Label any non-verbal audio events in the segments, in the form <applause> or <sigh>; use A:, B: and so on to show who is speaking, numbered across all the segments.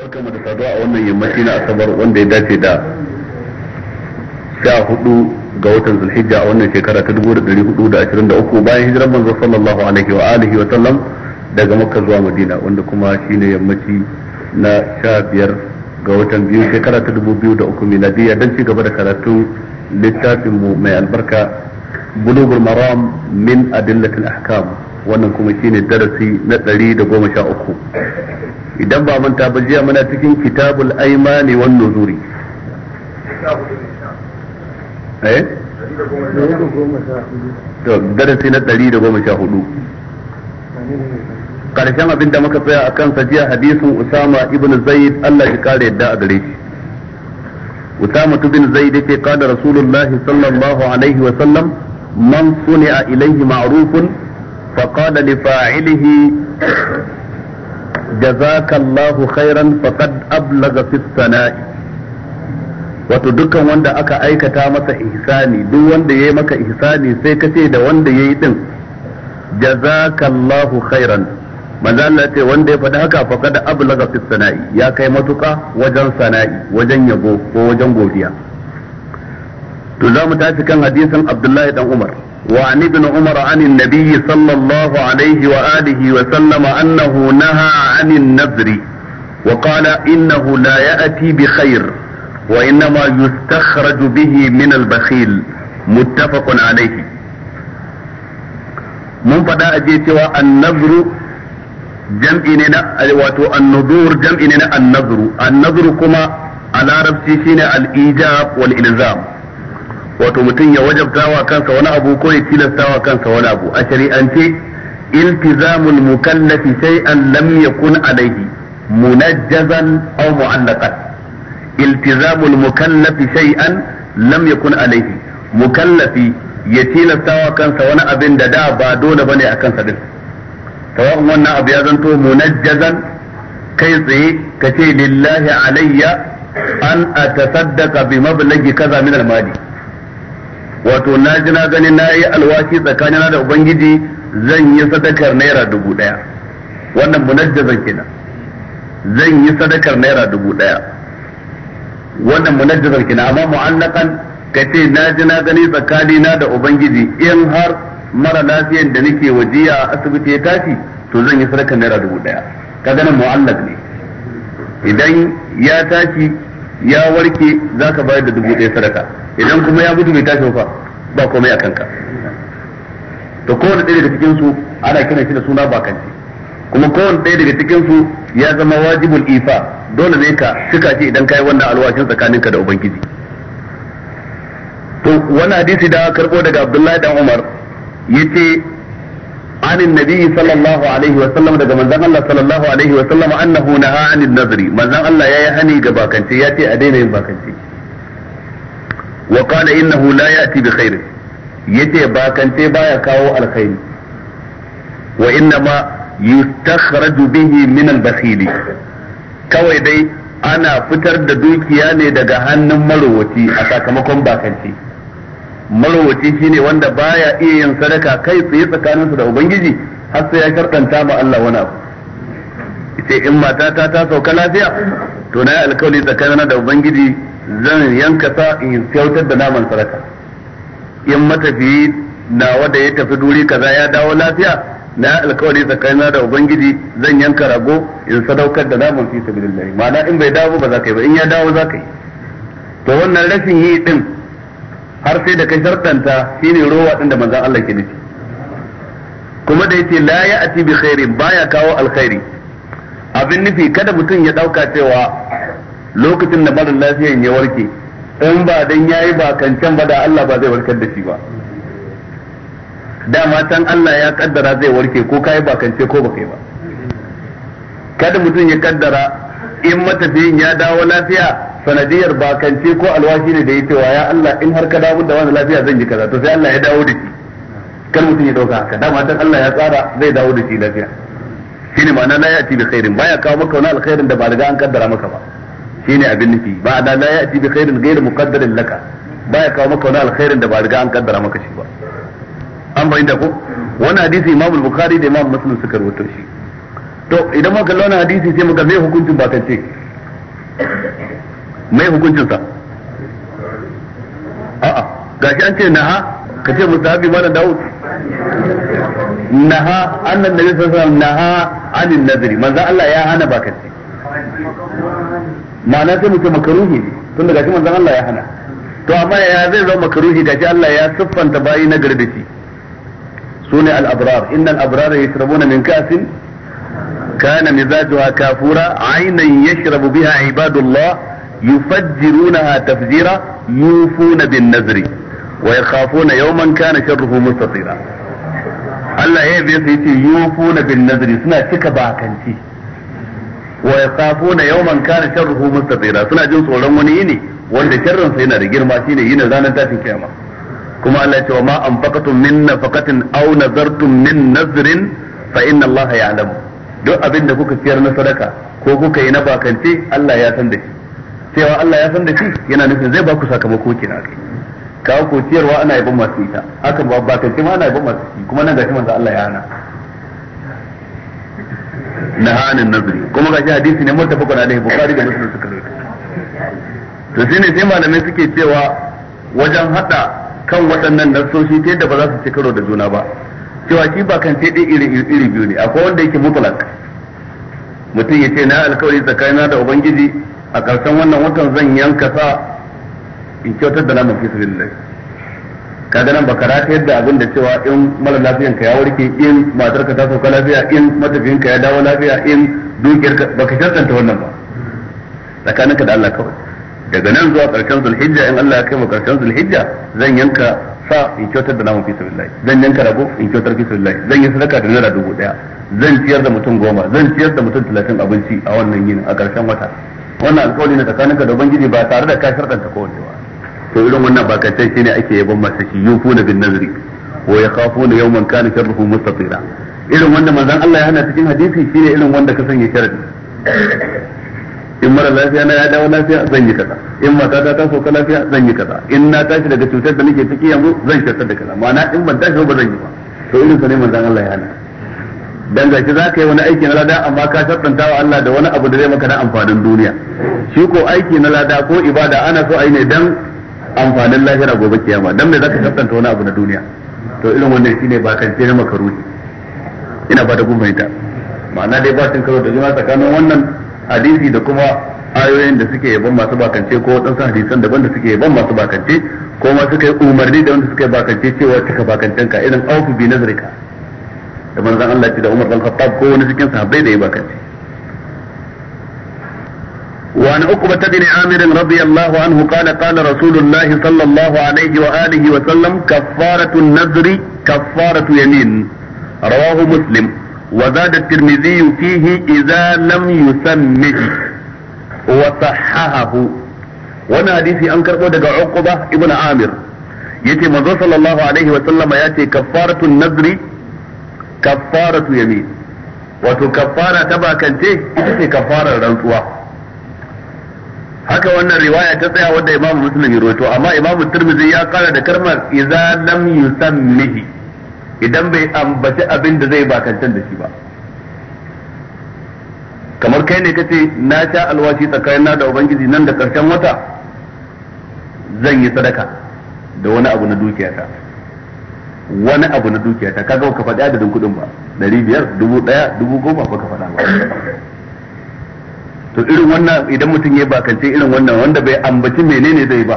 A: barkamu da saduwa a wannan yammaci na asabar wanda ya dace da sha hudu ga watan zulhijja a wannan shekara ta dubu da dari hudu da ashirin da uku bayan hijiran manzo sallallahu alaihi wa alihi wa sallam daga makka zuwa madina wanda kuma shine yammaci na sha biyar ga watan biyu shekara ta dubu biyu da uku miladiya don ci gaba da karatun littafinmu mai albarka bulugul maram min adillatil ahkam wannan kuma shine darasi na ɗari da goma sha uku idan ba manta ba jiya muna cikin kitabul aimani wan nuzuri eh darasi na ɗari da goma sha hudu karshen abinda muka tsaya a kansa jiya hadisin usama ibn zaid Allah ya kare yadda a gare shi usama ibn zaid yake kada rasulullahi sallallahu alaihi wa sallam man suni'a ilaihi ma'rufun فقال لفاعله جزاك الله خيرا فقد أبلغ في الثناء wato dukkan wanda aka aikata masa ihsani duk wanda ya yi maka ihsani sai ka ce da wanda ya yi din jazakallahu khairan manzo Allah ce wanda ya faɗi haka fa kada ablaga fi sana'i ya kai matuka wajen sana'i wajen yabo ko wajen godiya to za mu tafi kan hadisin Abdullahi dan Umar وعن ابن عمر عن النبي صلى الله عليه وآله وسلم أنه نهى عن النذر وقال إنه لا يأتي بخير وإنما يستخرج به من البخيل متفق عليه من فدا a je cewa annazru النذور ne النذر wato على jam'i ne الإيجاب والإلزام wato mutum ya wajabta wa kansa wani abu ko ya tilasta wa kansa wani abu a shari'ance iltizamul mukallafi shay'an lam yakun alayhi munajjazan aw mu'allaqan iltizamul mukallafi shay'an lam yakun alayhi mukallafi ya tilasta wa kansa wani abin da da ba dole bane a kansa din sawa'un wannan abu ya zanto munajjazan kai tsaye ka ce lillahi alayya an atasaddaqa bi mablagi kaza min al-mali wato na ji na gani na yi alwashi tsakanina da ubangiji zan yi sadakar naira dubu daya wannan munajjazan kenan zan yi sadakar naira dubu daya wannan munajjazan kenan amma mu'allakan ka ce na ji na gani tsakanina da ubangiji in har mara lafiyan da nake wajiya a asibiti ya tashi to zan yi sadakar naira dubu daya ka ganin mu'allak ne idan ya tashi ya warke zaka bayar da dubu daya sadaka idan kuma ya gudu bai tashi fa ba komai a kanka to kowane ɗaya daga cikin su ana kiran shi da suna bakanci kuma kowane ɗaya daga cikin su ya zama wajibul ifa dole ne ka cika shi idan kai wannan alwashin tsakaninka da ubangiji to wani hadisi da karbo daga Abdullahi dan Umar yace عن النبي صلى الله عليه وسلم daga manzan Allah sallallahu alaihi wa sallam annahu naha ha'anin nazari, manzan Allah yayi hani ga ya ce a daina yin bakance wa inna innahu la ya'ti bi ce yace bakance baya kawo alkhairi wa ma yustakhraju bihi min al-bakhili kawai dai ana fitar da dukiya ne daga hannun marowaci a sakamakon bakanci marowaci shine wanda baya iya yin sadaka kai tsaye tsakaninsu da ubangiji har sai ya karɗanta ma Allah wani abu ce in matata ta sauka lafiya to na yi alkawari tsakanina da ubangiji zan yanka sa in kyautar da naman sadaka in matafiyi nawa da ya tafi duri kaza ya dawo lafiya na alkawari tsakanin da ubangiji zan yanka rago in sadaukar da naman fi sabilillah ma'ana in bai dawo ba za ka yi ba in ya dawo za ka yi to wannan rashin yi din har sai da kai shartanta shine rowa din da manzon Allah ke nufi kuma da yace la ya'ti bi khairin baya kawo alkhairi abin nufi kada mutum ya dauka cewa lokacin da marar lafiyan ya warke in ba dan yayi ba kancan ba da Allah ba zai warkar da shi ba dama can Allah ya kaddara zai warke ko kai ba kance ko ba kai ba kada mutum ya kaddara in matafiyin ya dawo lafiya sanadiyar ba kance ko alwashi ne da ya cewa ya Allah in har ka dawo da wani lafiya zan yi kaza to sai Allah ya dawo da shi kar mutum ya dauka haka dama can Allah ya tsara zai dawo da shi lafiya shine ma'ana la ya'ti bi khairin baya kawo maka wani alkhairin da ba riga an kaddara maka ba shine abin nufi ba da la ya'ti bi khairin ghairu muqaddarin laka ya kawo maka wani alkhairin da ba riga an kaddara maka shi ba an da ko wannan hadisi Imam Bukhari da Imam Muslim suka rawaito shi to idan muka kalli hadisi sai muka mai hukuncin ba kan ce mai hukuncin sa a'a gashi an ce naha ka ce ma malam Dawud naha annan nabi sallallahu alaihi wasallam naha anin nazri manzo Allah ya hana ba kan ce ma'ana sai mu makaruhi tun daga manzon Allah ya hana to amma ya zai zama makaruhi gashi Allah ya siffanta bayi na gari sune al-abrar innal ya yashrabuna min kasin kana mizajuha kafura aynan yashrabu biha ibadullah yufajjirunaha tafjira yufuna bin nazri wa yakhafuna yawman kana sharruhu mustatira Allah ya yi sai ce yufuna bin nazri suna cika bakanci wa yasafuna yawman kana sharruhu mustatira suna jin tsoron wani yini wanda sharrin sa yana da girma shine yini ranar tashin kiyama kuma Allah ya ce wa ma anfaqatum min nafaqatin aw nazartum min nazrin fa inna Allah ya'lamu duk abin da kuka siyar na sadaka ko kuka yi na bakance Allah ya san da shi cewa Allah ya san da shi yana nufin zai ba ku sakamako kina kai kawo ko ciyarwa ana yaban masu ita hakan ba bakance ma ana yaban masu shi kuma nan gashi manzo Allah ya hana nahanin nazari kuma ga shi hadisi ne muttafaqun alaihi bukari da muslim suka to shine sai malamai suke cewa wajen hada kan waɗannan nasoshi ta yadda ba za su ci karo da juna ba cewa shi ba kan sai iri iri biyu ne akwai wanda yake mutlak mutum ya ce na alkawari tsakanina da ubangiji a ƙarshen wannan watan zan yanka sa in kyautar da namun fi sabilillah kaga nan baka rata yadda abin da cewa in mara lafiyan ka ya warke in matar ka ta sauka lafiya in matafiyin ka ya dawo lafiya in dukiyar ka baka shartanta wannan ba tsakanin ka da Allah kawai daga nan zuwa karshen zulhijja in Allah ya kai mu karshen zulhijja zan yanka sa in kyautar da namun fi sabilillah zan yanka rago in kyautar fi sabilillah zan yi sadaka da naira dubu daya zan ciyar da mutum goma zan ciyar da mutum talatin abinci a wannan yini a karshen wata wannan alkawari ne ka da ubangiji ba tare da ka shartanta kowanne ba to irin wannan ba shi shine ake yaban masa shi yufuna bin nazri wa yakhafuna yawman kana sharruhu mustatira irin wanda manzon Allah ya hana cikin hadisi shine irin wanda ka sanya sharadi in mara lafiya na ya dawo lafiya zan yi kaza in mata ta ta ka lafiya zan yi kaza in na tashi daga cutar da nake ciki yanzu zan shartar da kaza ma'ana in ban tashi ba zan yi ba to irin sa ne manzon Allah ya hana dan gashi za ka yi wani aiki na lada amma ka shaddanta wa Allah da wani abu da zai maka da amfanin duniya shi ko aiki na lada ko ibada ana so a yi ne dan amfanin lahira gobe kiyama dan me zaka kaskanta wani abu na duniya to irin wannan shine ba ce maka ruhi ina fata kun fahimta ma'ana dai ba cin karo da juna tsakanin wannan hadisi da kuma ayoyin da suke yaban masu bakance ko waɗansu hadisan daban da suke yaban masu bakance ko ma suka yi umarni da wanda suka yi bakance cewa cika bakancen ka irin aufu bi nazrika da manzon Allah ce da Umar dan Khattab ko wani cikin sahabbai da ya bakance وعن عقبة بن عامر رضي الله عنه قال قال رسول الله صلى الله عليه وآله وسلم كفارة النذر كفارة يمين رواه مسلم وزاد الترمذي فيه إذا لم يسمه وصححه وانا حديثي أنكر قد عقبة ابن عامر يتي منظر صلى الله عليه وسلم يأتي كفارة النذر كفارة يمين وتكفارة تبا كنتي إتي كفارة رنسوه haka wannan riwaya ta tsaya wanda imam muslim ya roto amma imam tirmidhi ya kara da karmar idza lam yusammihi idan bai ambaci abin da zai bakantar da shi ba kamar kai ne kace na sha alwashi tsakanin na da ubangiji nan da karshen wata zan yi sadaka da wani abu na dukiyata wani abu na dukiyata kaga ka faɗi adadin kuɗin ba ɗari biyar dubu ɗaya dubu goma ba ka faɗa ba to irin wannan idan mutum ya bakance irin wannan wanda bai ambaci menene zai ba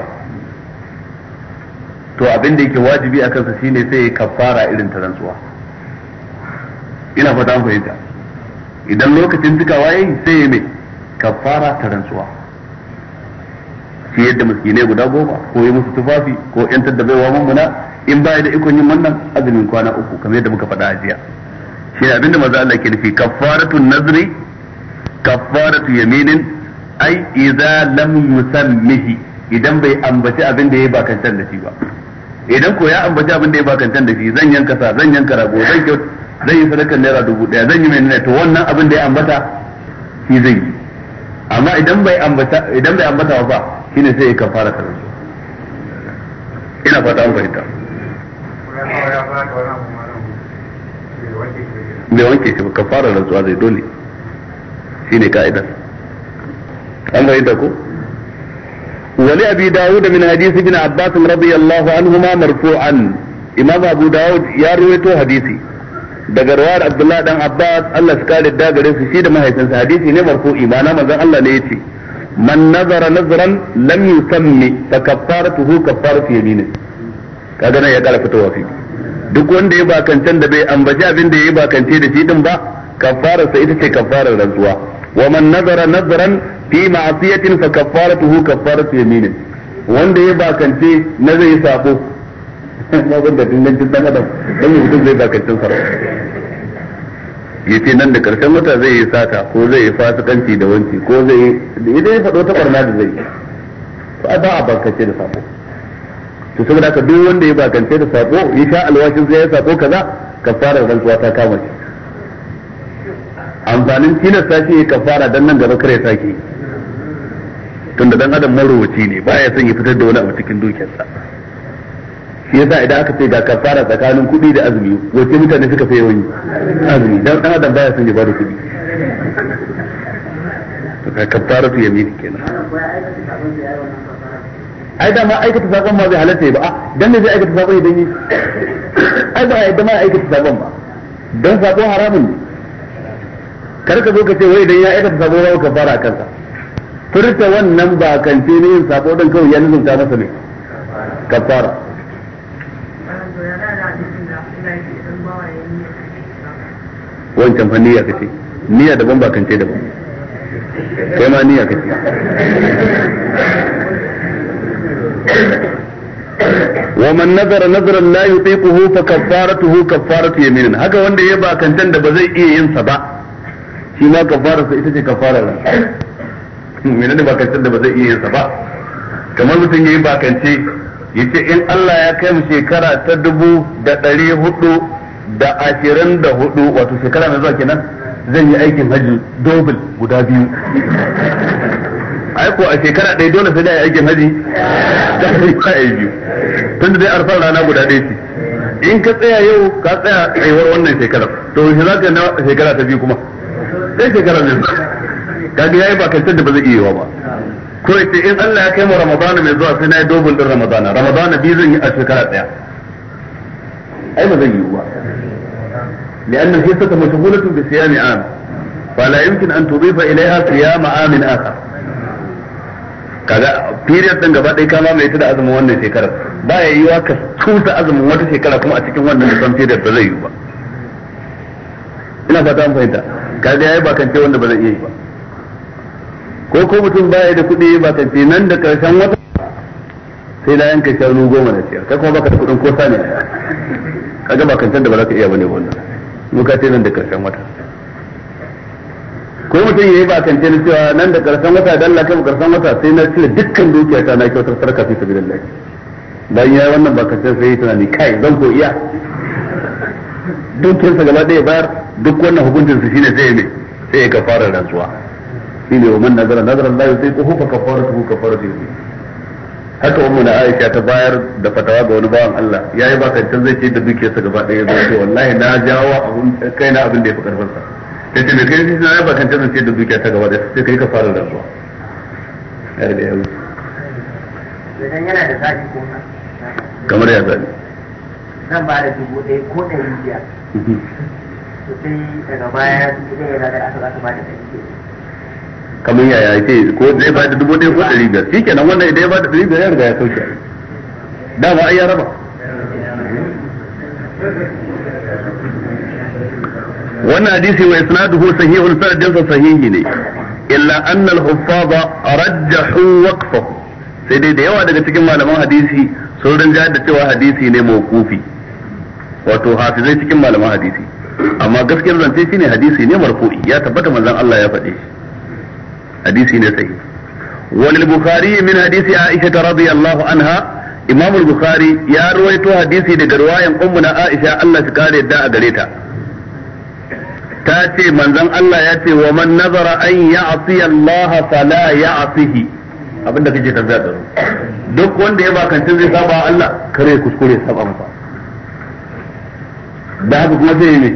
A: to abin da yake wajibi a kansa shine sai ya kafara irin ta rantsuwa ina fata fahimta idan lokacin cikawa waye sai ya mai kafara ta rantsuwa shi yadda miskinai guda goma ko yi musu tufafi ko yantar da baiwa mummuna in baya da ikon yin wannan azumin kwana uku kamar yadda muka faɗa a jiya shi da maza Allah ke nufi kafaratun nazri kaffaratu yaminin ai idza lam yusammihi idan bai ambaci abin da ya bakantar da shi ba idan ko ya ambaci abin da ya bakantar da shi zan yanka sa zan yanka rago zan kyau zan yi sadakar naira dubu daya zan yi mai nuna to wannan abin da ya ambata shi zai yi amma idan bai ambata ba shine sai ya kafara ta ina fata an fahimta bai wanke shi ba kafara rantsuwa zai dole shine ka'ida an fahimta ko ولأبي داود من حديث ابن عباس رضي الله عنهما marfu'an imam abu داود ya rawaito hadisi. daga rawar Abdullah dan Abbas Allah su kare da gare su shi da mahaifinsa hadisi ne marfu'i na manzon Allah ne yace man nazara nazran lam yusammi fa kaffaratuhu kaffaratu yaminin kaga nan ya kara fitowa fi duk wanda ya bakancan da bai ambaci abin da ya bakance da shi din ba sa ita ce kaffarar rantsuwa ومن نذر نذرا في معصية فكفارته كفارة يمينه wanda ya bakance na zai yi sako na wanda dindin dan adam dan mutum zai bakancin sa yace nan da karshen wata zai yi sata ko zai yi fasikanci da wanki ko zai yi idan ya faɗo ta barna da zai ba ba a bakance da sako to saboda haka duk wanda ya bakance da sako ya sha alwashin zai yi sako kaza kafarar rantsuwa ta kama shi amfanin tilasta shi ya kafara dan nan gaba kare sake tunda dan adam marowaci ne ba ya son ya fitar da wani abu cikin dukiyarsa shi yasa idan aka ce ga kafara tsakanin kuɗi da azumi wace mutane suka fi yawan azumi dan dan adam ya son ya bada kuɗi to kafara tu yamin kenan ai da ma aikata sakon ma zai halatta ba ah, dan ne zai aikata sakon idan yi ai ba ai da ma aikata sakon ba dan sakon haramun ne kar ka zo ka ce wai idan ya aikata sabo ba ka fara kansa furta wannan ba kan ce ne yin sabo dan kawai ya nuzunta masa ne fara. wancan fa niyya kace niyya daban ba kan ce daban kai ma niyya kace ومن نظر نظرا لا يطيقه فكفارته كفارة يمين هكا ya يبا كان da ba zai iya yin sa ba shi ma kafara sa ita ce kafara ran menene ne bakancin da ba zai iya yinsa ba kamar mutum yi bakance ya ce in Allah ya kai mu shekara ta dubu da ɗari hudu da ashirin da hudu wato shekara na zuwa kenan zan yi aikin hajji dobil guda biyu aiko a shekara ɗaya dole sai da aikin hajji? da ta yi biyu da dai arfan rana guda ɗaya ce in ka tsaya yau ka tsaya tsayuwar wannan shekarar to shi za ka na shekara ta biyu kuma sai shekara ne zuwa kaga yayi ba kantar da ba zai iya yiwa ba ko yace in Allah ya kai mu Ramadana mai zuwa sai na yi dobul din Ramadana Ramadana biyu zan yi a shekara daya ai ba zan yiwu ba لأن الجثة مشغولة بصيام عام فلا يمكن أن تضيف إليها صيام عام آخر kaga period din gaba ɗaya kama mai tada azumin wannan shekarar ba ya yiwa ka tuta azumin wata shekara kuma a cikin wannan da san period ba zai yiwu ba ina fata an fahimta kaga yayi bakance wanda ba zai iya yi ba ko ko mutum baya da kuɗi ce nan da karshen wata sai da yanka shanu goma na ciyar kai kuma baka da kuɗin ko sani kaga bakancen da ba za ka iya bane wannan muka ce nan da karshen wata ko mutum yayi bakance na cewa nan da karshen wata dan Allah kai karshen wata sai na cire dukkan ta na kyautar sarka fi sabilillah bayan yayi wannan bakance sai tunani kai zan ko iya dukiyarsa gaba ɗaya bayar duk wannan hukuncin su shine sai mai sai ya kafara rantsuwa shine wa man nazara nazara Allah yau sai ko fa kafaratu kafaratu haka ummu na Aisha ta bayar da fatawa ga wani bawan Allah yayi ba kan zai ce da dukiyarsa gaba ɗaya zai ce wallahi na jawo abun kai na abin da ya fi karfin sa ta ne kai shi na ba kan zai ce da ta gaba ɗaya sai kai fara rantsuwa ya da yau wuce idan yana da zaki ko kamar ya zabi nan ba da dubu ɗaya ko ɗari biyar mhm. to
B: sai daga baya dubu ɗaya na da aka za ba da ɗari biyar
A: kamar yaya ce ko zai ba da dubu ɗaya ko ɗari biyar shi kenan wannan idan ya ba da ɗari biyar ya riga ya sauke dama ai ya raba wannan hadisi wa isnaduhu sahihun sanadin sa sahihi ne illa anna al-huffaz rajjahu waqfahu sai dai da yawa daga cikin malaman hadisi sun rinja da cewa hadisi ne mawqufi wato hafizai cikin malaman hadisi amma gaskiyar zance shine hadisi ne marfu'i ya tabbata manzon Allah ya faɗe hadisi ne sai wal bukhari min hadisi aisha ta radiyallahu anha imam bukhari ya ruwaito hadisi daga riwayan ummuna aisha Allah shi kare yadda a gare ta ta ce manzon Allah ya ce wa man nazara an ya'si Allah fala ya'sihi abinda kake tabbata duk wanda ya bakancin zai saba Allah kare kuskure saba masa da haka kuma sai ne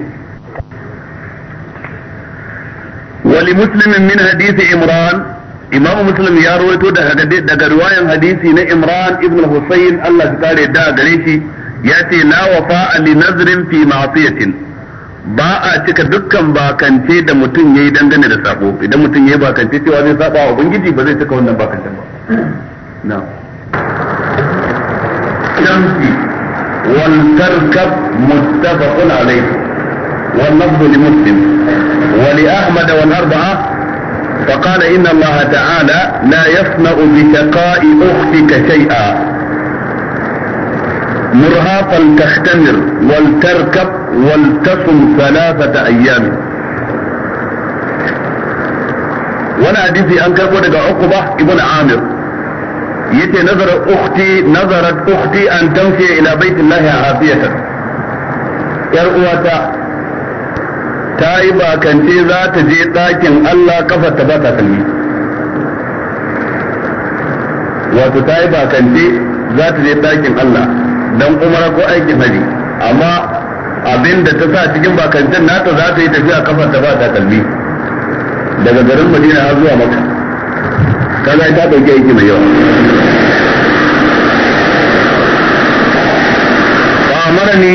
A: wali muslimin min hadisi imran imamu muslim ya rawaito daga riwayan hadisi na imran ibn husayn Allah ya kare da gare shi ya ce la wafa li nazrin fi ma'siyatin ba a cika dukkan bakance da mutum yayi dangane da sako idan mutum yayi bakance cewa zai saba wa ubangiji ba zai cika wannan bakancen ba na'am ولتركب متفق عليه واللفظ لمسلم ولأحمد والأربعة فقال إن الله تعالى لا يصنع بشقاء أختك شيئا مرها فلتختمر ولتركب ولتصم ثلاثة أيام وأنا ادري ان karbo لك عقبه ابن عامر yace nazara ukhti nazarat ukhti an tamshi ila baitillahi afiyatan yar uwata ta yi bakance za ta je ɗakin Allah kafar ta ba ta kalli wato ta yi bakance za ta je ɗakin Allah don umara ko aikin hari amma abin da ta sa cikin bakancen nata za ta yi tafiya kafar ta ba ta kalli daga garin Madina har zuwa maka. kaga ta dauki aiki mai yawa
B: amarni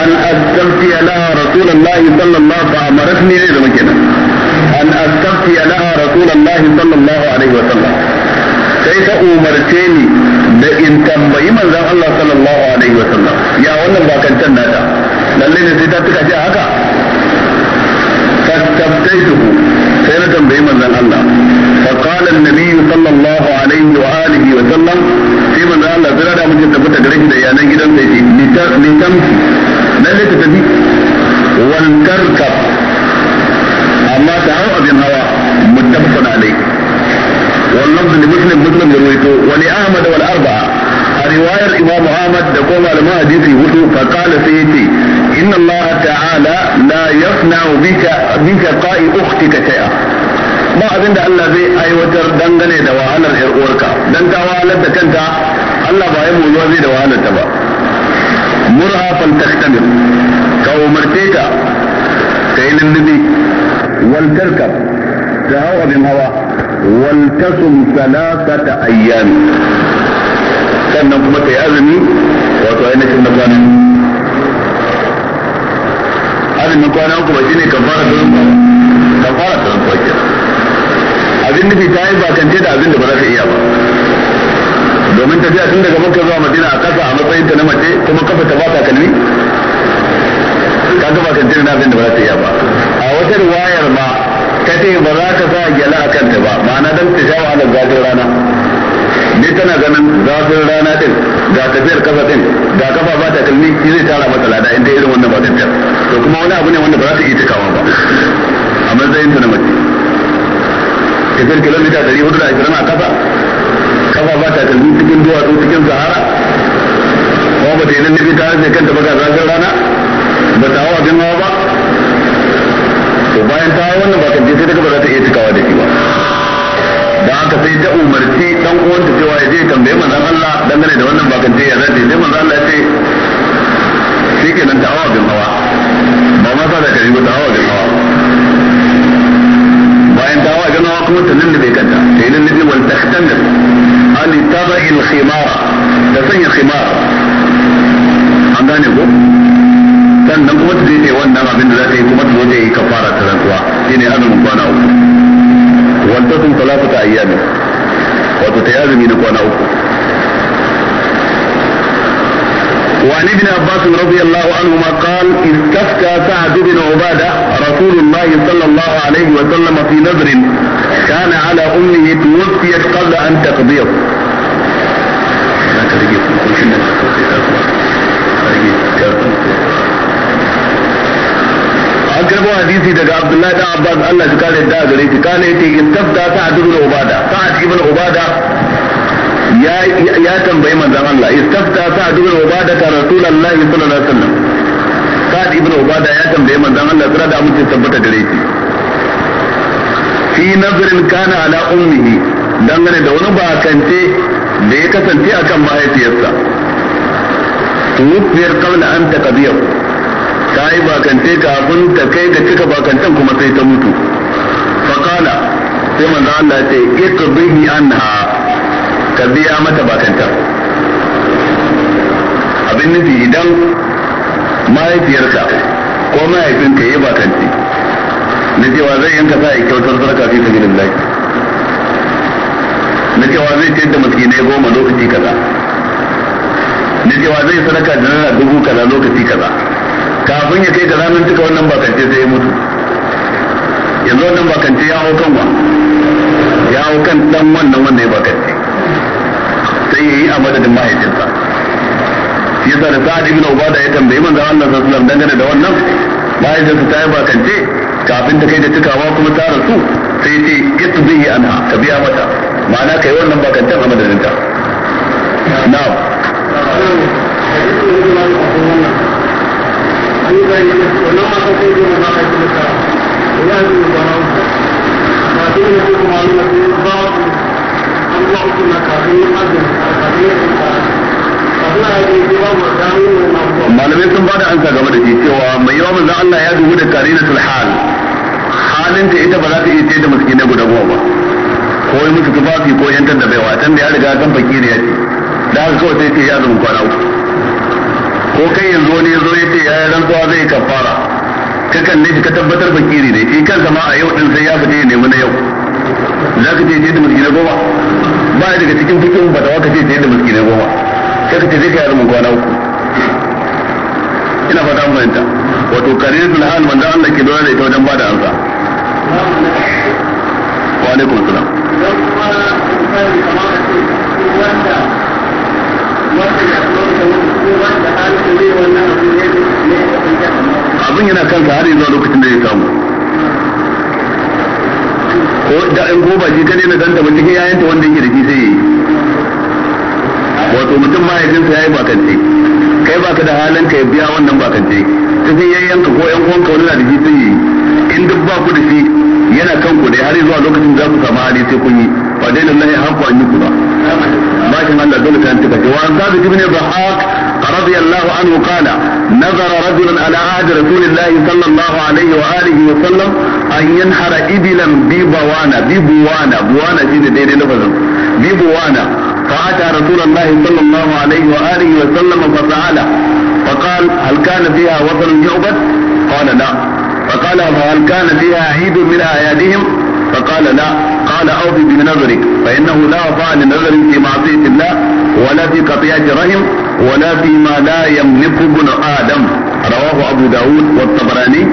B: an astafi laha rasulullahi sallallahu alaihi wasallam amarni ne da muke nan an astafi laha rasulullahi
A: sallallahu alaihi wasallam sai ta umarce ni da in tambayi manzon Allah sallallahu alaihi wasallam ya wannan ba kan canna ta lalle ne sai ta tuka ji haka fa tabtaytuhu sai na tambayi manzan Allah قال النبي صلى الله ne da wahalar yar uwarka dan ta wahalar da kanta Allah ba ya boyuwa zai da wahalar ta ba murha fal taktamil ka umarce ta ta yi lullubi wal tarkab ta hau abin hawa wal tasum salasata ayyam sannan kuma ta yi azumi wato ainihin na kwanan azumin kwana uku ba shine kafara ta kafara abin nufi ta yi bakance da abin da ba za ka iya ba domin tafiya tun daga makka zuwa madina a kasa a matsayin ta na mace kuma kafa ta ba ta kalmi kaga bakance da abin da ba za ta iya ba a wata riwayar ma ta ce ba za ka sa gyala a kanta ba ma'ana don ta sha wahalar zafin rana ni tana ganin zafin rana din ga tafiyar kafa din ga kafa ba ta kalmi shi zai tara mata lada in ta irin wannan ba tafiyar to kuma wani abu ne wanda ba za ta iya cikawa ba a matsayin ta na mace tafiyar kilomita dari hudu da ashirin a kafa kafa ba ta tafi cikin duwatsu cikin sahara ko ba ta yi nan ta harshe kanta ba ga zafin rana ba ta hawa abin hawa ba to bayan ta hawa wannan ba ta sai daga ba za ta iya cikawa da shi ba da aka sai ta umarci dan uwanta cewa ya je tambaye manzon Allah dangane da wannan bakance ya zace sai manzon Allah ya ce shikenan ta hawa abin hawa ba ma sa da kare ba ta hawa abin hawa bayan ta wa ganawa kuma ta lullube kanta ta yi lullube wal tahtandar ali taba il khimara da sanya khimara an gane ko sannan kuma ta je wannan abin da za ta yi kuma ta zo ta yi kafara ta rantsuwa shine azumin kwana uku wanda sun talafata ayyamin wato ta yi azumi na kwana uku وعن ابن عباس رضي الله عنهما قال استفتى سعد بن عبادة رسول الله صلى الله عليه وسلم في نذر كان على أمه توفيت قبل أن تقبض أقرب حديثي دقاء عبد الله بن عباس الله تكالي الدادري تكالي تيجي استفتى سعد بن عبادة سعد بن عبادة يا يا تنبئي من الله صلى الله عليه وسلم سعد ابن عبادة يا تنبيه من دان الله ترى دعم تثبت دريتي في نظر كان على أمه dangane da wani bakance da ya kasance akan mahaifiyarsa tuwufiyar kawai an ta kabiyar ta yi bakance ta kai da cika bakancen kuma sai ta mutu faƙala sai manzo Allah ce iqdihi anha ka biya mata bakantar abin nufi idan mahaifiyarka ko mahaifinka ya bakanci na cewa zai yanka sa ya kyautar sarka fi sabilin zai na cewa zai ce da maskinai goma lokaci kaza na cewa zai saraka da nana dubu kaza lokaci kaza kafin ya kai kaza nan cika wannan bakance sai ya mutu yanzu wannan bakance ya hau kan wa ya hau kan dan wannan wanda ya bakance sai ya yi a madadin mahaifinsa yasa da sa'ad ibn ubada ya tambayi manzon Allah sallallahu alaihi wasallam dangane da wannan bayan da ta yi bakance kafin ta kai da cikawa kuma ta rasu sai ce yi anha ka biya mata ma'ana kai wannan bakantan a madadin ta na'am
B: Allah malamai sun bada ansa game da shi cewa mai yawa manzon Allah ya dubu da
A: karinatul hal halin da ita ba za ta iya ce da miskinai guda goma ba ko yi musu tufafi ko yantar da baiwa can da ya riga kan fakiri ya ce da haka kawai sai ce ya zama kwana ko kai yanzu wani ya zo ya ce ya yi rantsuwa zai kafara ka kalle shi ka tabbatar baki ne shi kansa ma a yau din sai ya fita ya nemi na yau za ka ce ce da miskinai goma ba daga cikin fikin ba da waka ce ce da miskinai goma sai ka zai kai azumin kwana uku ina fata mun fahimta wato hal manzo Allah ke da ita wajen bada wa alaikum salam abin yana har yanzu lokacin da ya samu ko da in ba shi kadai na danta ba cikin yayanta wanda yake da shi sai yi wato mutum mahaifinsa ya yi bakance kai baka da halin ka biya wannan bakance ta sai ya yanka ko yan uwanka wani na da shi sun yi in duk ba ku da shi yana kan ku dai har zuwa lokacin da ku samu hali sai kun yi ba dai ya hanku an yi ba bashin Allah dole ka kake wa an sabi ibn Bahaq
B: رضي الله عنه
A: قال نظر رجل على عهد رسول الله صلى الله عليه وآله وسلم أن ينحر إبلا ببوانا ببوانا بوانا شيء دي دي لفظا ببوانا فأتى رسول الله صلى الله عليه وآله وسلم فسأله فقال هل كان فيها وطن يعبد؟ قال لا فقال فهل كان فيها عيد من أعيادهم؟ فقال لا قال أوفي بنظرك فإنه لا وفاء لنظر في معصية الله ولا في قطيعة رحم ولا فيما لا يملك ابن آدم رواه أبو داود والطبراني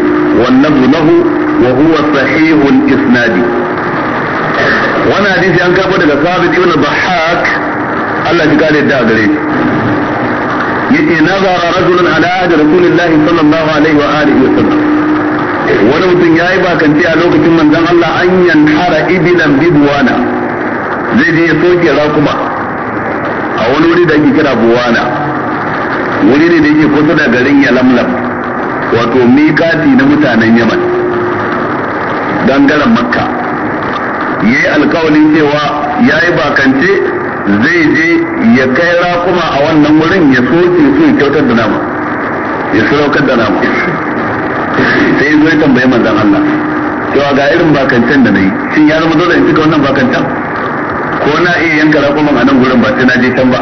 A: واللفظ له وهو صحيح الإسناد wani hadisi an kafa daga sabit ibn dhahhak Allah ya kare da gare yace nazara rajulun ala ahdi rasulillahi sallallahu alaihi wa alihi wa sallam wani mutum yayi bakanci a lokacin manzon Allah an yanhara ibnan bidwana zai je ya soke rakuma a wani wuri da ake kira buwana wuri ne da yake kusa da garin yalamlam wato mikati na mutanen yaman gangaren makka yi alkawalin cewa ya yi bakance zai je ya kai rakuma a wannan wurin ya soke su ya kyautar da nama ya sadaukar da nama sai zai tambayi manzan Allah cewa ga irin bakancen da na shin ya zama dole in cika wannan bakancen ko na iya yanka rakuman a nan wurin ba sai na je can ba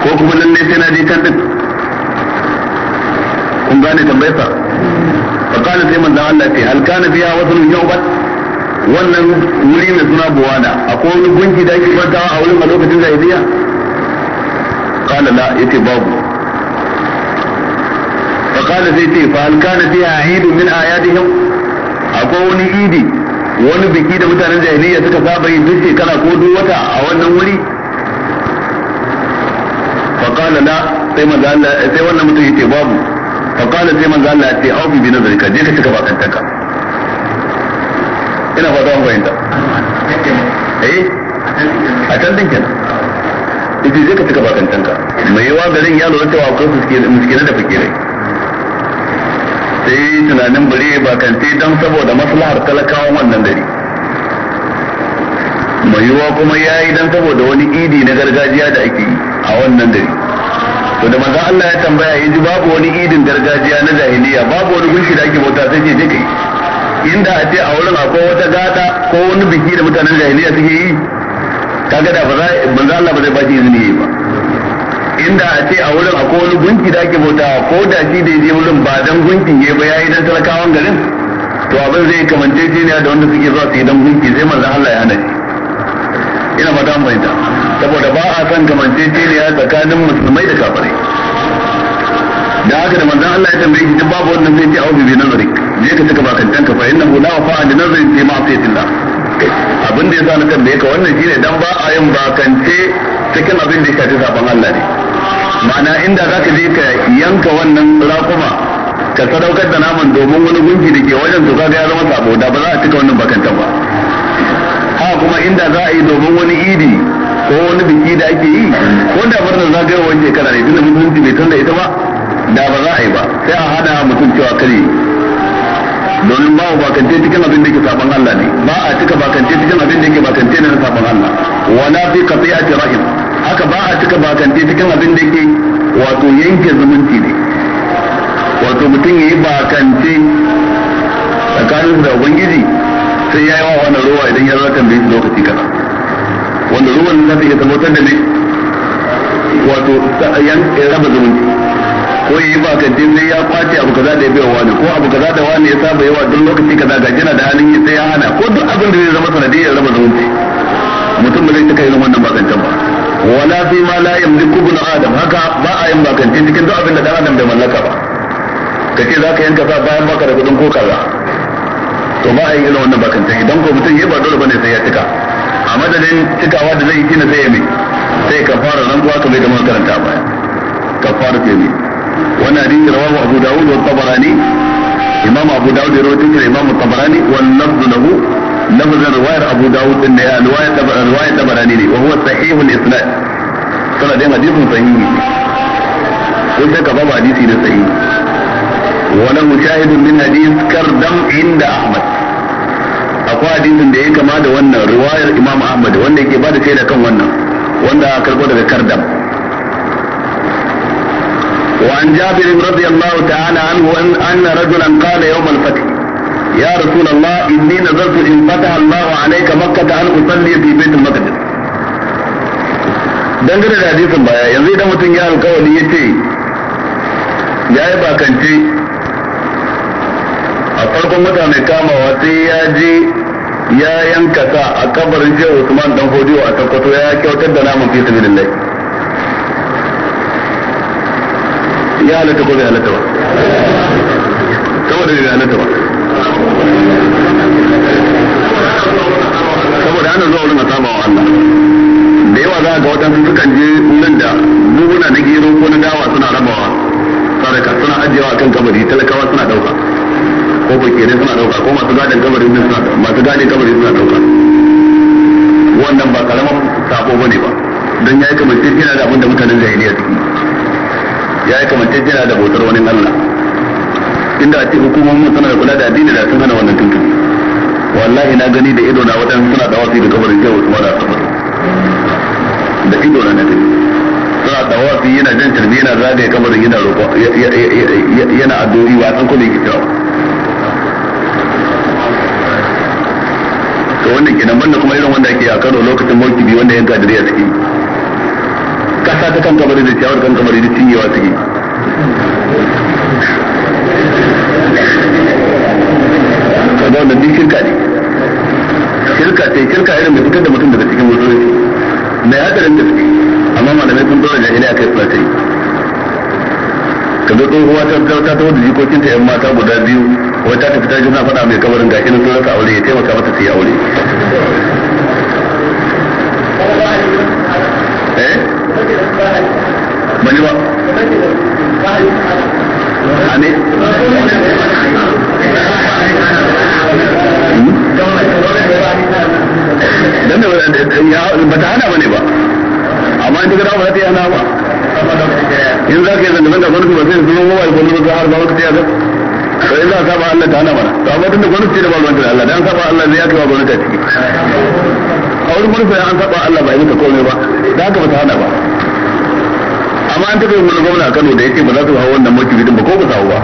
A: ko kuma ne sai na je can din kun gane tambayar sa fa kana sai manzan Allah ce hal kana biya wasu yubat wannan wuri mai suna buwana akwai wani gunki da ake kwantawa a wurin a lokacin jahiliya kala la yace babu fa kala zai ce fa hal kana fiha idu min ayatihim akwai wani idi wani biki da mutanen jahiliya suka saba yi duk shekara ko duk wata a wannan wuri fa kala la sai manzo Allah sai wannan mutum yace babu fa kala sai manzo Allah ya ce au bi nazarika je ka cika bakantaka ina fata an fahimta eh a can din kenan idan zai ka cika bakantan ka mai yawa garin ya lura cewa akwai muskina da rai sai tunanin bare bakante don saboda maslahar talakawan wannan dare mai yiwuwa kuma ya yi don saboda wani idi na gargajiya da ake yi a wannan dare to da manzon Allah ya tambaya yanzu babu wani idin gargajiya na jahiliya babu wani gunshi da ake bauta sai je kai inda a ce a wurin akwai wata gata ko wani biki da mutanen jahiliya suke yi kaga da ba za manzo Allah ba zai ba shi izini yi ba inda a ce a wurin akwai wani gunki da ake bauta ko da shi da je wurin ba dan gunkin yayi ba yayi dan talakawan garin to abin zai kamance ne da wanda suke zuwa su yi dan gunki sai manzo Allah ya hana ina ba ta saboda ba a san kamance ne tsakanin musulmai da kafirai da haka da manzan Allah ya tambaye shi babu wannan zai ce auzu bi nazari je ka bakan tanka fa innahu la wafa'a li nazari fi ma'siyatillah abin da ya sa na tambaye ka wannan shine dan ba a yin bakance cikin abin da ya shafi sabon Allah ne ma'ana inda zaka je ka yanka wannan raƙuma ka sadaukar da naman domin wani gunki da ke wajen to kaga ya zama sabo da ba za a cika wannan bakantan ba ha kuma inda za a yi domin wani idi ko wani biki da ake yi ko da murnar zagayowar shekara ne tunda mutunci bai tunda ita ba da ba za a yi ba sai a hada mutum cewa kare domin ba wa bakance cikin abin da yake saban Allah ne ba a cika bakance cikin abin da yake bakance ne na saban Allah wala fi qati'ati rahim haka ba a cika bakance cikin abin da yake wato yanke zumunci ne wato mutum yayi bakance tsakanin da ubangiji sai ya yi wa wannan ruwa idan ya zartan bai lokaci kana wanda ruwan za ta iya tabbatar da ne wato yan raba zumunci ko yi ba ka sai ya kwace abu kaza da ya bai wani ko abu kaza da wani ya saba yawa duk lokaci kaza ga jina da hannun sai ya hana ko duk abin da zai zama sanadiyar raba zumunci mutum bai zai cika irin wannan bakantan ba wala fi ma la yamliku bin adam haka ba a yin bakantin cikin duk abin da dan adam bai mallaka ba kace zaka yanka sa bayan baka da kudin ko kaza to ba a yin irin wannan bakantan idan ko mutum yayi ba dole bane sai ya cika a madadin cikawa da zai yi kina sai ya mai sai ka fara rantsuwa kamar da muka karanta baya kafara ce ne Wani hadisi rawahu abu dawud wa tabarani imam abu dawud ya rawaito shi imam tabarani wal lafzu lahu lafzan rawayar abu dawud din ne riwayar riwayar tabarani ne wa huwa sahihul isnad sanadin hadisin sahihi kun ka babu hadisi da sahihi وله شاهد min حديث kardam Inda, Ahmad. akwai hadisin da ya kama da wannan riwayar imam ahmad wanda yake ba da shaida kan wannan wanda karbo daga kardam وعن جابر رضي الله تعالى عنه أن, أن رجلا قال يوم الفتح يا رسول الله إني نذرت إن فتح الله عليك مكة أن أصلي في بيت المقدس dangane da hadisin baya yanzu idan mutum ya alkawari ya ce ya yi bakance a farkon wata kamawa sai ya je ya yanka sa a kabarin jiya usman dan hodiyo a sokoto ya kyautar da naman fi sabilillah ya halatta ko bai halatta ba saboda bai halatta ba saboda ana zuwa wurin asaba wa Allah da yawa za a ga wadansu sukan je nan da buhuna na gero ko na dawa suna rabawa sadaka suna ajiyewa kan kabari talakawa suna dauka ko fakirai suna dauka ko masu gadin kabari suna dauka masu gadin kabari suna dauka wannan ba karamin sabo bane ba don ya yi kamar sai yana da abin da mutanen jahiliya suke ya yi kamar tajjina da bautar wani Allah inda a ce hukumomin suna da kula da addini da sun hana wannan tuntun wallahi na gani da ido na waɗansu suna dawafi da kabarin shehu wasu mara kabar da ido na nadi suna dawafi yana jan tarbi yana zagaye kabarin yana roƙo yana addu'o'i wa san kullu kitawa to wannan kenan banda kuma irin wanda ake a Kano lokacin mulki wanda yan gadiriya suke yi sa ta kan kamar da ciyawar kan kamar da cinyewa suke kaga wannan duk shirka ne shirka ce shirka irin mai fitar da mutum daga cikin musulunci mai hadarin gaske amma malamai sun dora jahiliya kai suna ta yi kaga tsohuwa ta ta ta wadda jikokinta yan mata guda biyu wai ta fita juna faɗa mai kabarin ga irin sun rasa aure ya taimaka mata su yi aure
B: eh bani ba ame
A: hmm? dan da ba ta hana ne ba amma in kaga ba ta yana ba in za ka yi zandaban da gwamnati ba sai su zama wai gwamnati har ba wata tiyaga to in za ka saba Allah ta hana mana to amma tun da gwamnati da ba ruwan Allah dan saba Allah zai ya kai wa gwamnati a ciki a wurin murfa an saba Allah ba yi komai ba da haka ba ta hana ba amma an taɓa yi wani gwamna a Kano da yake ba za su hau wannan mulki ba ko ba su hau ba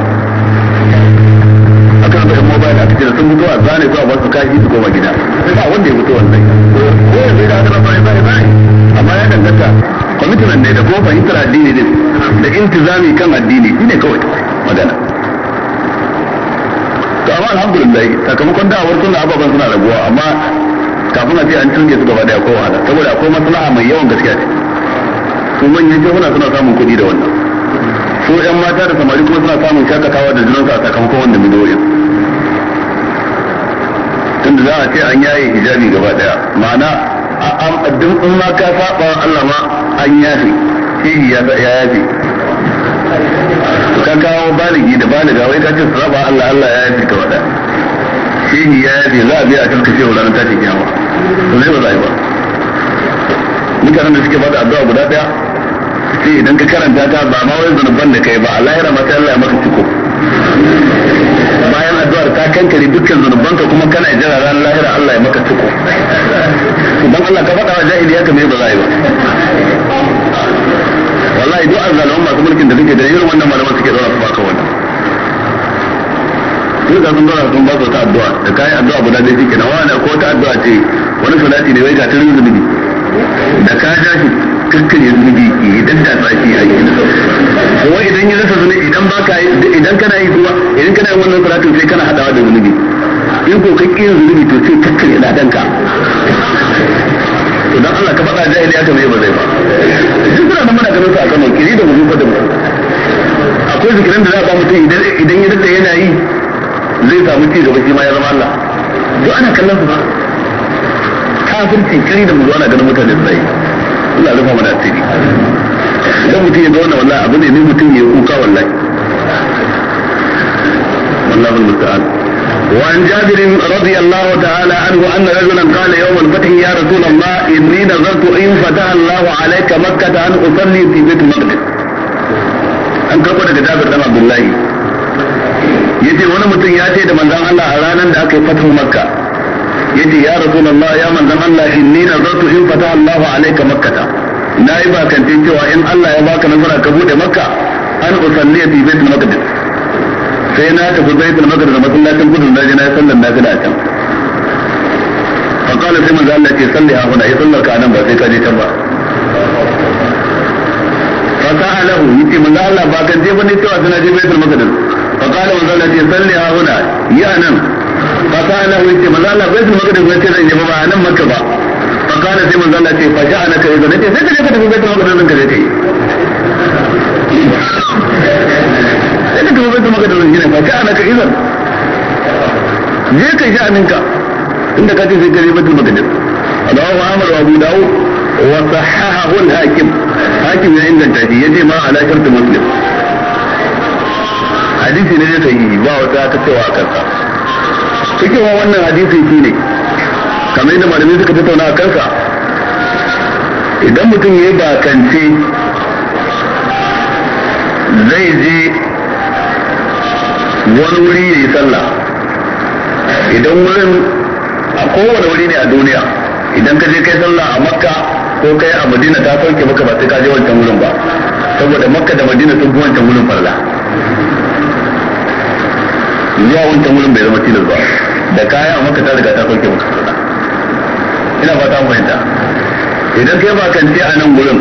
A: a kan da mobile a cikin sun mutu a zane su a wasu kashi su koma gida sai ba wanda ya mutu wannan ko ya zai da haka ba ya zai zai amma ya danganta commitment ne da kuma fahimtar addini din da intizami kan addini shine kawai magana to amma alhamdulillah sakamakon da'awar sunna ababan suna raguwa amma kafin a ce an tunge su gaba daya ko wahala saboda akwai maslaha mai yawan gaskiya ce su manyan shehuna suna samun kuɗi da wannan su yan mata da samari kuma suna samun shakatawa da junansu a sakamakon wannan bidiyoyin tunda za a ce an yaye hijabi gaba daya ma'ana a duk in ma ka saba Allah ma an yafe shi ya yafe ka kawo baligi da baliga wai ka ce su raba Allah Allah ya yafe gaba daya shi ya yabe za a biya a kanka shehu ranar tashin kiyama to zai ba za a yi ba mutanen da suke da addu'a guda daya sai idan ka karanta ta ba ma wani zanuban da kai ba a lahira masu yalla ya maka ciko bayan addu'ar ta kankare dukkan ka kuma kana jira ran lahira Allah ya maka ciko idan Allah ka faɗa wa jahili ya kame ba za a yi ba
B: wallahi duk azzalumma masu mulkin da suke da irin wannan malaman suke zaura su baka
A: wannan sun ka sun zara sun ba su ta addu'a da kayan addu'a guda da shi kenan wani ko ta addu'a ce wani salati ne wai ga turin zunubi da ka ja shi kakkan ya idan da tsaki a yi kuma idan ya rasa zunubi idan ba ka idan kana yi zuwa idan kana yi wannan salatin sai kana hadawa da zunubi in ko kakkan yin zunubi to sai kakkan ya ladanka to dan Allah ka faɗa jahili aka mai ba zai ba duk suna nan muna ganin su a kano kiri da mu zuba da mu akwai zikirin da za a ba mutum idan ya yana yi zai samu ci gaba shi ma ya zama Allah duk ana kallon su ba kafirci kiri da muzo ana ganin mutane su zai Allah rufa mana asiri idan mutum ya ga wannan wallahi abu ne ne mutum ya kuka wallahi wallahi bil musta'an وعن جابر رضي الله تعالى عنه أن رجلا قال يوم الفتح يا رسول الله إني نظرت إن فتح الله عليك مكة أن أصلي في بيت المقدس أن كبر عبد الله yace wani mutum ya ce da manzon Allah a ranar da aka yi fatu makka yace ya rasulullah ya manzon Allah inni nazartu in fata Allahu alayka makkata nayi ba kan cewa in Allah ya baka nazara ka bude makka an usalli fi baitul maqdis sai na tafi baitul maqdis da masallacin gudun da na sallar nafila can fa qala sai manzon Allah ke salli a huna ai sallar ka nan ba sai ka je can ba fa sa'alahu yace manzon Allah ba kan je bane cewa sai na je baitul maqdis فقال manzo Allah ce salli a yi a nan fasala hu ce manzo Allah bai maka da gwace zan yi ba a nan maka ba fakala sai manzo Allah ce fa ja'a naka yanzu nace sai ka je ka tafi bai maka da zan ka je kai sai ka tafi bai maka da zan yi fa ja'a naka idan je ka ji aninka inda ka ce sai ka je bai maka da rawahu Ahmad wa Abu Dawud wa sahahahu al-Hakim Hakim ya inganta shi yace ma ala shart Muslim hadisi ne zai sahihi ba wata ta cewa a kansa cikin wannan hadisi shi ne kamar yadda malamai suka tattauna a kansa idan mutum ya yi bakance zai je wani wuri ya yi sallah idan wurin a kowane wuri ne a duniya idan ka je kai sallah a makka ko kai a madina ta sauke maka ba sai ka je wancan wurin ba saboda makka da madina sun fi wancan wurin farla ya wancan wurin bai zama tilas ba da kaya a maka ta riga ta sauke suna ina fata fahimta idan kai ba kan ce a nan gurin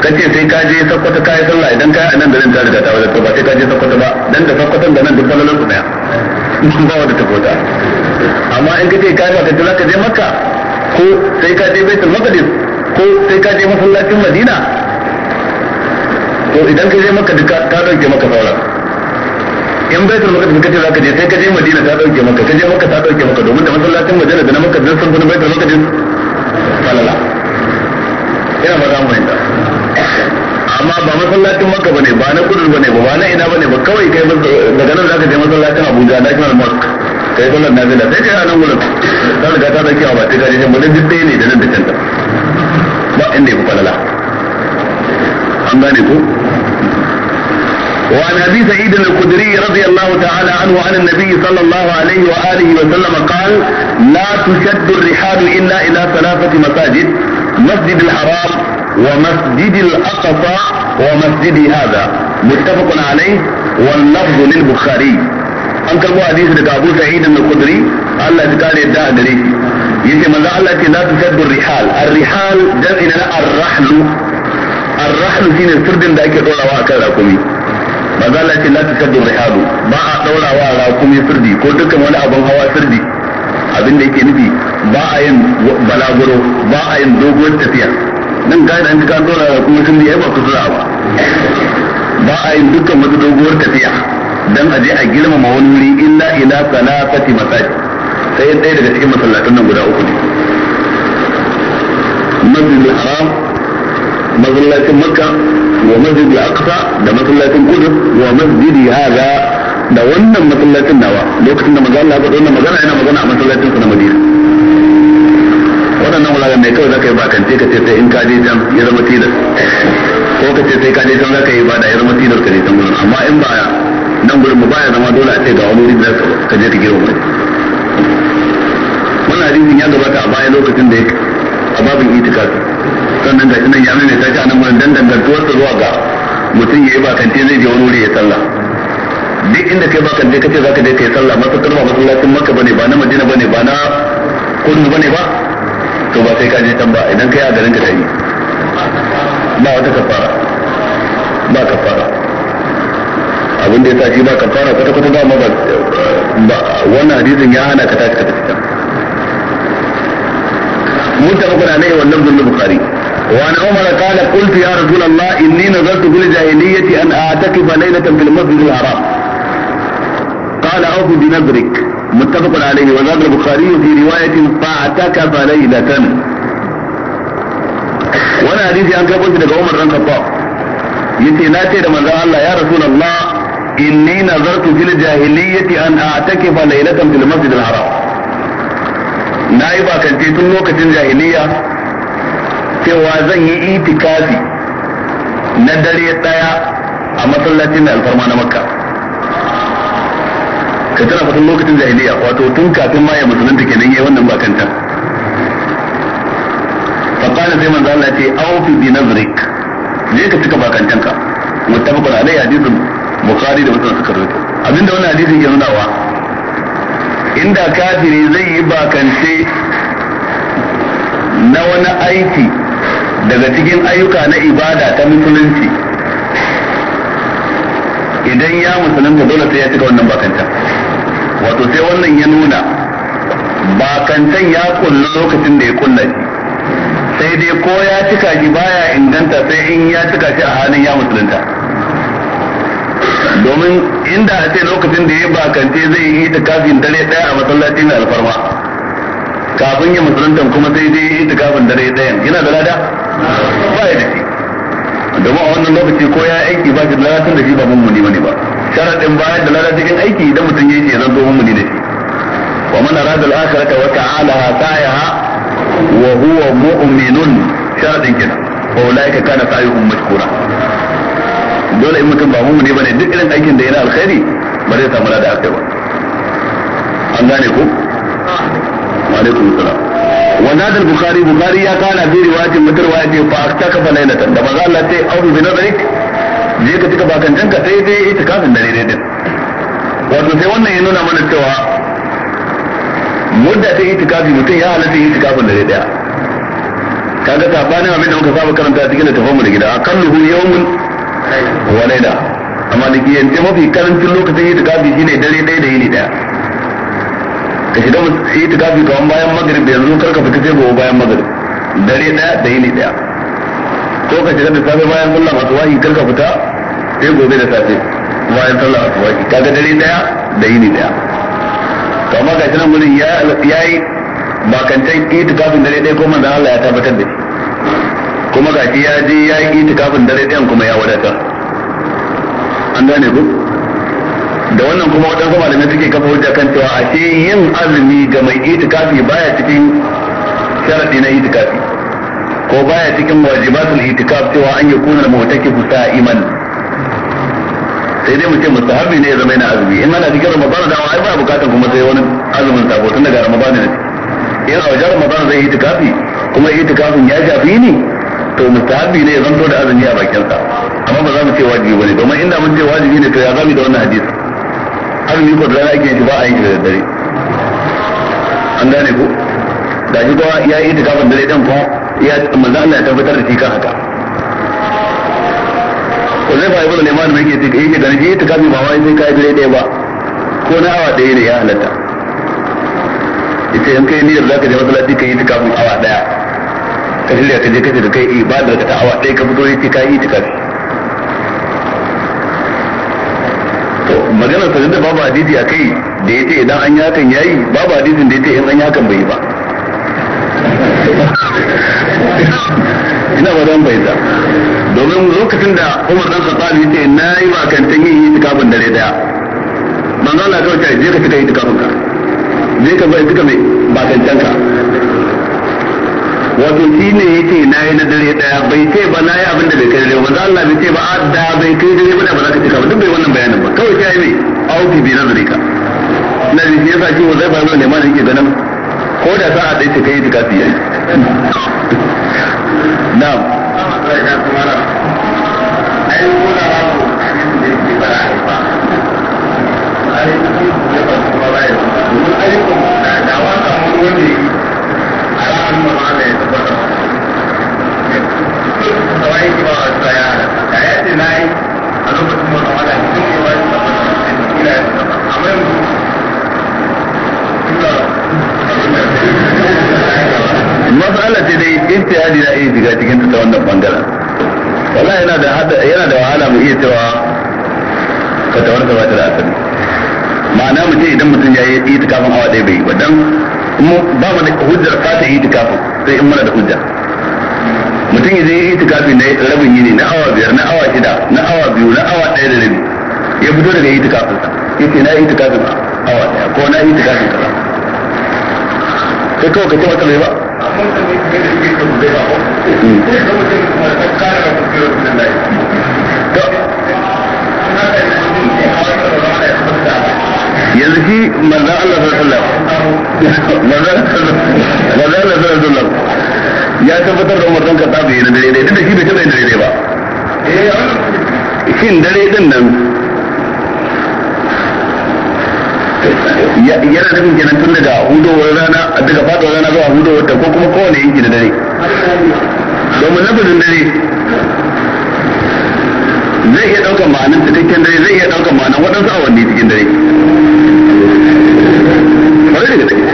A: kace sai ka je sakkwata kayan sallah idan kaya a nan garin ta riga ta wajen ba sai ka je sakkwata ba dan da sakkwatan da nan duk falalar su daya ba wanda ta amma in ka ce ba kan ce za ka je makka ko sai ka je baitul maqdis ko sai ka je masallacin madina to idan ka je makka duka ka dauke maka sauran in baitul maqdis kace zaka je sai ka je madina ta dauke maka ka je maka ta dauke maka domin da masallacin madina da na maka da sun fi baitul maqdis falala ina ba za mu amma ba masallacin maka bane ba na kudur bane ba ba na ina bane ba kawai kai daga nan zaka je masallacin Abuja kuma Mosque kai zai da sai kai a nan gurin ta riga ta dauke ba sai ka je madina duk ɗaya ne da nan da kanta ba inda ya falala an gane ko وعن ابي سعيد الخدري رضي الله تعالى عنه عن النبي صلى الله عليه واله وسلم قال لا تشد الرحال الا الى ثلاثه مساجد مسجد الحرام ومسجد الاقصى ومسجد هذا متفق عليه واللفظ للبخاري an karbo hadisi daga Abu Sa'id al-Khudri Allah ya kare da gare shi yace manzo Allah ce la tusaddu rihal ar-rihal jam'i na ar-rahlu ar-rahlu shine sirdin da ake dorawa akan rakumi ba za lati la da rihabu ba a wa rakumi sirdi ko dukkan wani abin hawa sirdi abin da yake nufi ba a yin balaguro ba a yin doguwar tafiya nan ga da ka dora rakumi sirdi ai ba kusura ba ba a yin dukkan wata doguwar tafiya dan aje a girmama wani wuri illa ila salafati masaji sai ɗaya daga cikin masallatan nan guda uku ne masjidul haram masallacin makka wa masjidi ده da masallacin ومسجد wa ده hada da wannan masallacin nawa lokacin da manzo Allah wannan magana yana magana a masallacin sa na Madina waɗannan wuraren ne kawai zaka yi bakance ka ce in ka je can ya zama tilas ko ka ce sai ka je can zaka yi ba da ya zama tilas ka je can gurin amma in ba nan gurin ba ya zama dole a ce ga wani wuri ka je ka girma mai wannan hadisin ya gabata a baya lokacin da a babin itikafi sannan da nan ya mai ta ji nan gurin dan dangantuwar ta zuwa ga mutum ya ba kante zai je wani wuri ya sallah duk inda kai ba kante kace ka je kai sallah masu ba masallacin makka bane ba na madina bane ba na kudu bane ba to ba sai ka je can ba idan kai a garin ka yi ba wata kafara ba kafara abin da sa shi ba kafara kwata kwata ba ba wannan hadisin ya hana ka tashi ka tafi can mutum kuna ne wannan bukari وعن عمر قال قلت يا رسول الله إني نذرت في الجاهلية أن أعتكف ليلة في المسجد الحرام قال أوف بنذرك متفق عليه وذكر البخاري في رواية فاعتكف ليلة وانا حديثي أن قلت لك عمر بن الخطاب يتي لا تيد الله يا رسول الله إني نذرت في الجاهلية أن أعتكف ليلة في المسجد الحرام نائبا كنتي تنوك الجاهلية cewa zan yi itikafi na dare daya a masallacin da alfarma na makka ka tana fatan lokacin jahiliya wato tun kafin ma ya musulunta nan yi wannan bakanta faqala sai manzo Allah ce awfi bi nazrik je ka cika bakantanka muttafaqun alai hadisin bukhari da muslim suka rawaito abinda wannan hadisin ke nunawa inda kafiri zai yi bakance na wani aiki daga cikin ayyuka na ibada ta musulunci idan ya musulunta dole sai ya cika wannan bakanta wato sai wannan ya nuna bakantan ya kulla lokacin da ya kulla sai dai ko ya cika shi baya inganta sai in ya cika shi a halin ya musulunta domin inda a ce lokacin da ya bakance zai yi ta kafin dare daya a masallacin alfarma kafin ya musulunta kuma sai dai yi ta kafin dare daya yana da lada ba ya da shi domin a wannan lokaci ko ya aiki ba shi lalatar da shi ba mummuni bane ba sharadin bayan da lalatar cikin aiki idan mutum ya yi ya zanto muni da shi wa man arada al-akhirata wa ta'alaha sayaha wa huwa mu'minun sharadin kenan fa ulaika kana sa'yuhum mashkura dole in mutum ba mun muni bane duk irin aikin da yana alkhairi ba zai samu lada akai ba an gane ko wa alaikum salam ya وزاد البخاري بخاري يا قال في رواية متر na فاستكف ليلة لما قال لا شيء أو بنظرك je ka cika bakantanka sai dai ita kafin dare dai din wato sai wannan ya nuna mana cewa mudda ta kafin mutum ya halatta kafin dare daya kaga ta bani abin da ka saba karanta a cikin littafin mu da gida aqalluhu yawmun wa layla amma da kiyance mafi karancin lokacin itikafi shine dare daya da yini daya ka shiga yi itikafi kawan bayan magrib yanzu kar ka fita sai gobe bayan magrib dare daya da yini daya ko ka shiga da safe bayan sallar asubahi kar ka fita sai gobe da safe bayan sallar asubahi kaga dare daya da yini daya to amma ga shi nan ya yi bakantan itikafin dare daya ko manzon Allah ya tabbatar da shi kuma ga shi ya je yayi itikafin dare daya kuma ya wadatar an gane ku da wannan kuma kuma da suke kafa hujja kan cewa ce yin azumi ga mai itikafi baya cikin sharadi na itikafi ko baya cikin wajibatul itikaf cewa an yi kunar mutaki iman sai dai mu ce harbi ne ya zama yana azumi in ana cikin ramadan da ai ba bukatan kuma sai wani azumin sabo tun daga ramadan ne yana a wajen ramadan zai itikafi kuma itikafin ya shafi ni to mustahabi ne ya zanto da azumi a bakin sa amma ba za mu ce wajibi bane domin inda mun ce wajibi ne to ya zabi da wannan hadisi azumi ko da rana ake shi ba a yin da daddare an gane ku da shi kuwa ya yi itikafin dare dan kuma ya manzo Allah ya tabbatar da shi kan haka ko zai ba ibnu liman mai yake yake da shi itikafi ba wai sai kai dare ɗaya ba ko na awa ɗaya ne ya halatta ita in kai niyyar zaka je masallaci kai itikafin awa ɗaya ka shirya ka je kace da kai ibadar ka ta awa ɗaya ka fito yi ka yi itikafi maganar sa da babu hadisi a kai da ya ce idan an yakan yayi babu hadisin da ya ce in an yakan bai ba ina ba don bai domin lokacin da Umar dan Khattab ya ce na yi ba kan tanyi yi tikafin dare daya manzo Allah ya ce je ka fita yi tikafin ka je ka bai duka mai ba kan tanka wato shi ne ya ce na yi na dare daya bai ce ba na yi abin da bai kai ba za Allah bai ce ba a da bai kai dare ba da ba za ka cika ba duk bai wannan bayanin ba kawai sai mai auki bi nazari ka na ji shi yasa wa zai fara ne ma da yake ganin ko da a ɗaya ce kai cika fiye
B: na ayyukan da dawa samun wanda yi a ra'ayin na a lokacin wata wata da kila ya taɓa amma yanzu
A: matsala ce dai ijtihadi na iya shiga cikin ta wannan bangaren wallahi yana da yana da wahala mu iya cewa ka ta bata da asali ma'ana mu ce idan mutum ya yi itikafin awa ɗaya bai ba dan ba mu da hujjar fata itikafin sai in mana da hujja mutum ya je itikafi na rabin yini na awa biyar na awa shida na awa biyu na awa ɗaya da rabi ya fito daga itikafin sa yace na itikafin awa ɗaya ko na itikafin kaza sai kawai ka ce wata bai ba
B: yanzu shi manzan Allah sallallahu alaihi wasallam manzan Allah sallallahu alaihi wasallam ya
A: tabbatar da umarnin ka tafi na dare dai da shi bai taba yin dare ba eh, shin dare din nan yana nufin kenan tun daga hudowar rana daga fadowar rana zuwa hudowar ta ko kuma kowane yanki da dare domin lafazin dare zai iya daukan ma'anin cikakken dare zai iya daukan ma'anin waɗansu awanni cikin dare. Kwarai da gaske.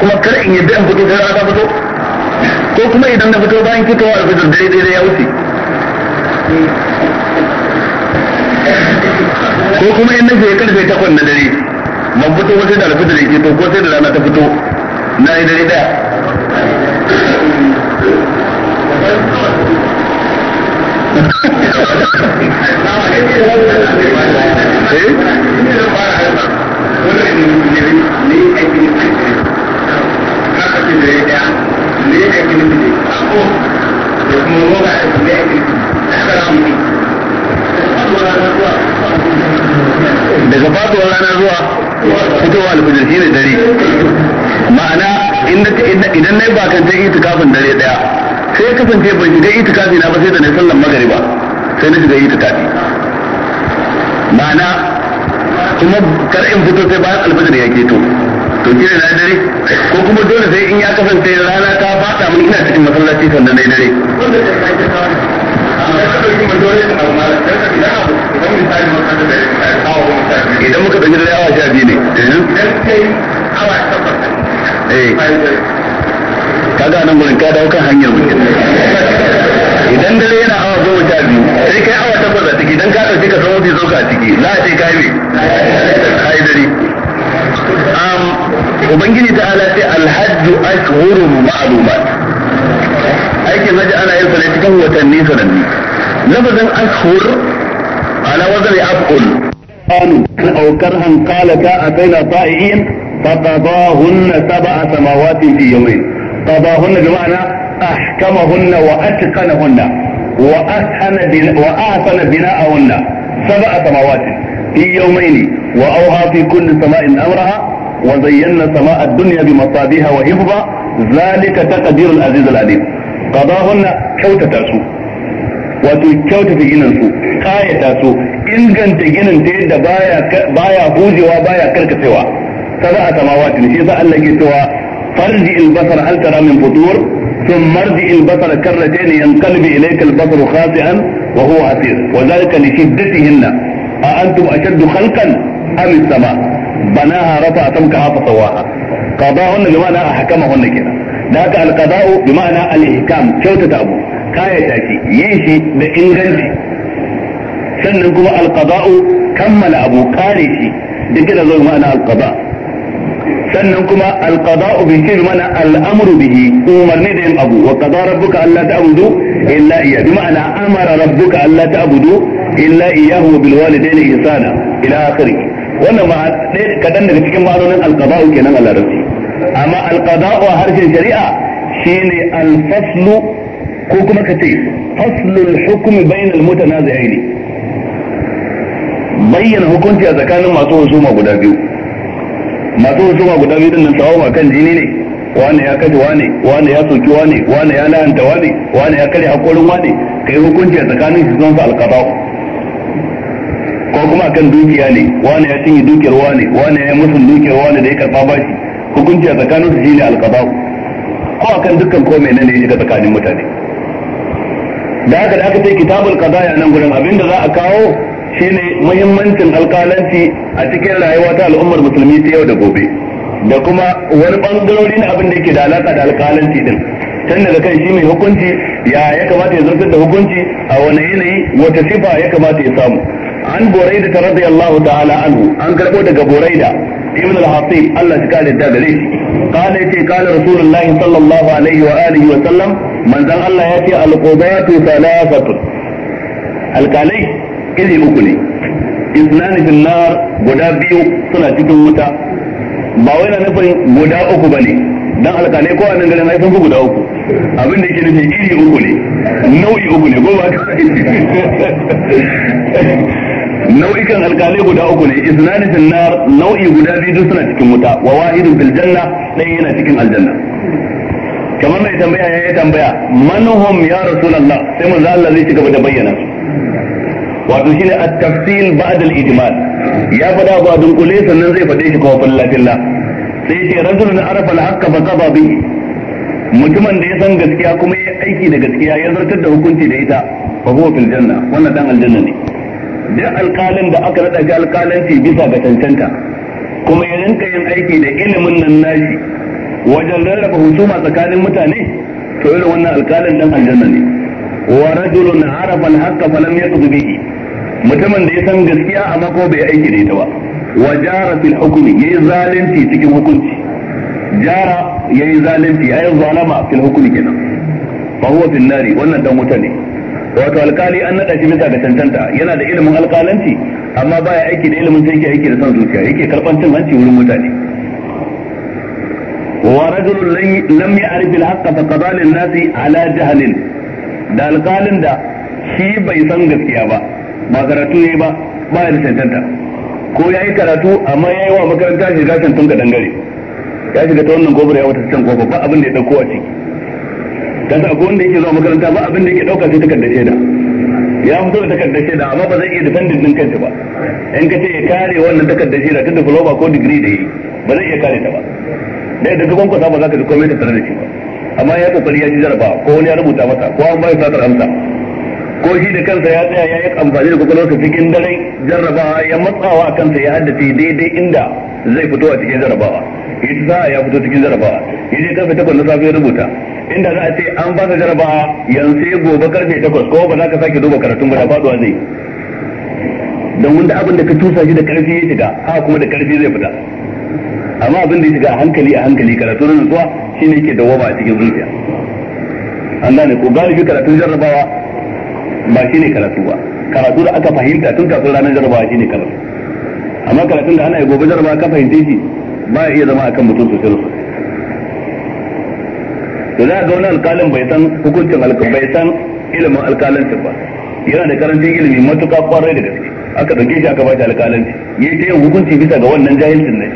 A: kuma kar in yadda in fito sai rana ta fito ko kuma idan na fito bayan fitowa da fitar dare dare ya wuce ko kuma in nace karfe takwas na dare ban fito ba sai da alfajir ya to ko sai da rana ta fito na yi dare daya
B: <laughs> eh daga faduwar rana zuwa
A: fitowa alfajir shi ne dare ma'ana idan na yi bakan yi tukafin dare daya sai kasance ban shiga tukafi na ba sai da na sallan ba sai na shiga tukafi ma'ana kuma kar in fito sai bayan alfajir ya keto to kira na dare ko kuma dole sai in ya kasance rana ta fada mun ina cikin masallaci sannan na dare
B: idan muka ɗauki dare awa sha biyu ne eh.
A: kaga nan gurin ka dawo kan hanyar mutum idan dare yana awa goma sha biyu sai kai awa takwas a ciki idan ka ɗauki ka samu bi zo ka ciki za a ce kai me kai dare ubangiji ta ala ce alhajju ashhurun ma'lumat aikin haji ana yin sa ne cikin watanni sananni lafazin ashhur ala wazan af'ul قالوا أو كرها قال كأتين طائعين فقضاهن سبع سماوات في يومين قضاهن بمعنى أحكمهن وأتقنهن وأحسن بناءهن سبع سماوات في يومين وأوها في كل سماء أمرها وزينا سماء الدنيا بمصابيها وحفظا ذلك تقدير العزيز العليم قضاهن كوتة تاسو wato kyautata ginansu kayata su inganta ginin ta yadda baya hujewa baya karkacewa sada a samawa tun shi za Allah ke cewa farji albasar an tara min fudur sun marji albasar karrace ne yan kalbi ilaika albasar khasi'an wa huwa asir wa zalika li shiddatihinna a antum ashaddu khalqan am as-sama banaha rafa'a samkaha fa sawaha qada'un bi ma'ana ahkamahun kenan da haka al-qada'u bi ma'ana al-ihkam kyautata abu kayata shi yin da inganci sannan kuma al kammala abu kare shi da kira ma'ana al sannan kuma alqada'u bi shi mana al'amru bihi umarni da yin abu wa qada rabbuka alla ta'budu illa iya bi ma'ana amara rabbuka alla ta'budu illa iyyahu bil walidayni ihsana ila akhirih wannan ma kadan daga cikin ma'anonin alqada'u kenan a larabci amma alqada'u a harshen shari'a shine alfaslu ko kuma kace faslul hukmi bainal mutanazi'aini bayyana hukunci a tsakanin masu husuma guda biyu masu ma guda biyu dinnan sawon kan jini ne wane ya kaji wane wane ya soki wane wane ya lahanta wane wane ya kare hakorin wane kai hukunci a tsakanin su zan alkaba ko kuma akan dukiya ne wani ya cinye dukiyar wani wani ya musun dukiyar wani da ya karba bashi hukunci a tsakanin shi ne alkaba ko akan dukkan ko nan ya shiga tsakanin mutane da haka da aka ce kitabul qadaya nan gurin abinda za a kawo shine muhimmancin alƙalanci a cikin rayuwa ta al'ummar musulmi ta yau da gobe da kuma wani na abin da yake da alaka da alƙalanci din tun daga kan shi mai hukunci ya ya kamata ya zartar da hukunci a wani yanayi wata sifa ya kamata ya samu an boraida ta radiyallahu ta'ala anhu an karbo daga boraida ibn al-hasib Allah ya kare da gare shi قال kana rasulullahi sallallahu alaihi wa alihi wa sallam وسلم allah ذن al يتي القضاة al القالي iri uku ne isnani fil nar guda biyu suna cikin wuta ba wai na nufin guda uku bane dan alkalai ko anan garin ai sun fi guda uku abin da yake nufi iri uku ne nau'i uku ne ko ba nau'ikan alkalai guda uku ne isnani fil nar nau'i guda biyu duk suna cikin wuta wa wahidun fil janna ɗaya yana cikin aljanna kamar mai tambaya ya tambaya manhum ya rasulullah sai manzo Allah zai ci gaba da bayyana su wato shine at-tafsil ba'd al-ijmal ya fada ba dun kule sannan zai faɗe shi kuma falla filla sai ce rajulun arafa al-haqq fa qada bi mutumin da ya san gaskiya kuma ya aiki da gaskiya ya zartar da hukunci da ita fa huwa fil janna wannan dan aljanna ne duk alƙalin da aka naɗa ga alƙalanci bisa ga cancanta kuma ya rinka yin aiki da ilimin nan nashi wajen rarraba husuma tsakanin mutane to irin wannan alƙalin dan aljanna ne wa rajulun arafa al-haqq fa lam yaqdi bihi mutumin da ya san gaskiya amma kuma bai aiki da ita ba wa jara fil hukmi yayi zalunci cikin hukunci jara yayi zalunci yayi zalama fil hukmi kenan fa huwa fil nari wannan dan wuta ne wato alkali an nada shi bisa ga tantanta yana da ilimin alkalanci amma baya aiki da ilimin sai yake aiki da son zuciya yake karban cin hanci wurin mutane wa rajul lam ya'rif al-haqq fa qadala an nasi ala jahlin da alkalin da shi bai san gaskiya ba ba karatu yayi ba ba ya da ko ko yi karatu amma ya yi wa makaranta shiga kan tun ga dangare ya shiga ta wannan gobara ya wata can kofa ba abin da ya dauko a ciki dan akwai wanda yake zuwa makaranta ba abin da yake dauka sai takardar shaida ya fito da takardar shaida amma ba zai iya defending din kanta ba in ka ce ya kare wannan takardar shaida ta diploma ko degree da yi ba zai iya kare ta ba da da gaban kwasa ba za ka ji komai ta tare da shi ba amma ya kokari ya ji jarabawa ko wani ya rubuta masa ko an bai satar amsa ko shi da kansa ya tsaya ya yi amfani da kwakwalwarsa cikin dare jarrabawa ya matsawa kansa ya haddace daidai inda zai fito a cikin jarrabawa ya sa'a ya fito cikin jarrabawa ya je karfe takwas na safe rubuta inda za a ce an ba ka jarrabawa yanzu sai gobe karfe takwas ko ba za ka sake duba karatun ba da faduwa zai don wanda abin da ka tusa shi da karfi ya shiga ha kuma da karfi zai fita amma abin da ya shiga a hankali a hankali karatu na nutsuwa shine yake dawaba a cikin zuciya an gane ko galibi karatun jarrabawa ba shi ne karatu ba karatu da aka fahimta tun kafin ranar jarabawa shi ne karatu amma karatun da ana yi gobe jarabawa ka fahimta shi ba iya zama akan mutum sosai da sosai to za a ga wani alkalin bai san hukuncin alkalin bai san ilimin alkalancin ba yana da karancin ilimi matuƙa kwarai da gaske aka ɗauke shi aka ba shi alkalanci yi ta yin hukunci bisa ga wannan jahilcin ne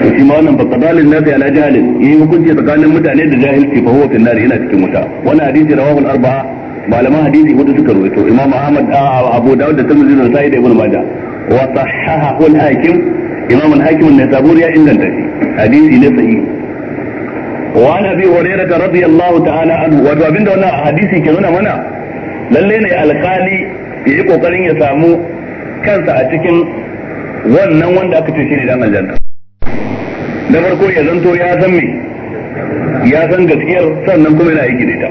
A: to shi wannan fa qadalin nafi ala jahalin yi hukunci tsakanin mutane da jahilci fa huwa fil nar yana cikin wuta wannan hadisi rawahu al-arba'a malaman hadisi hudu suka rawaito imam ahmad abu dawud da tirmidhi da sa'id ibn majah wa sahahahu al-hakim imam al-hakim an-nisabur ya inganta shi hadisi ne sahih وعن ابي هريره رضي الله تعالى عنه wato abinda wannan hadisi ke nuna mana lalle ne alkali yi kokarin ya samu kansa a cikin wannan wanda aka ce shi ne dan aljanna na farko ya zanto ya san me ya san gaskiyar sannan kuma yana aiki da ita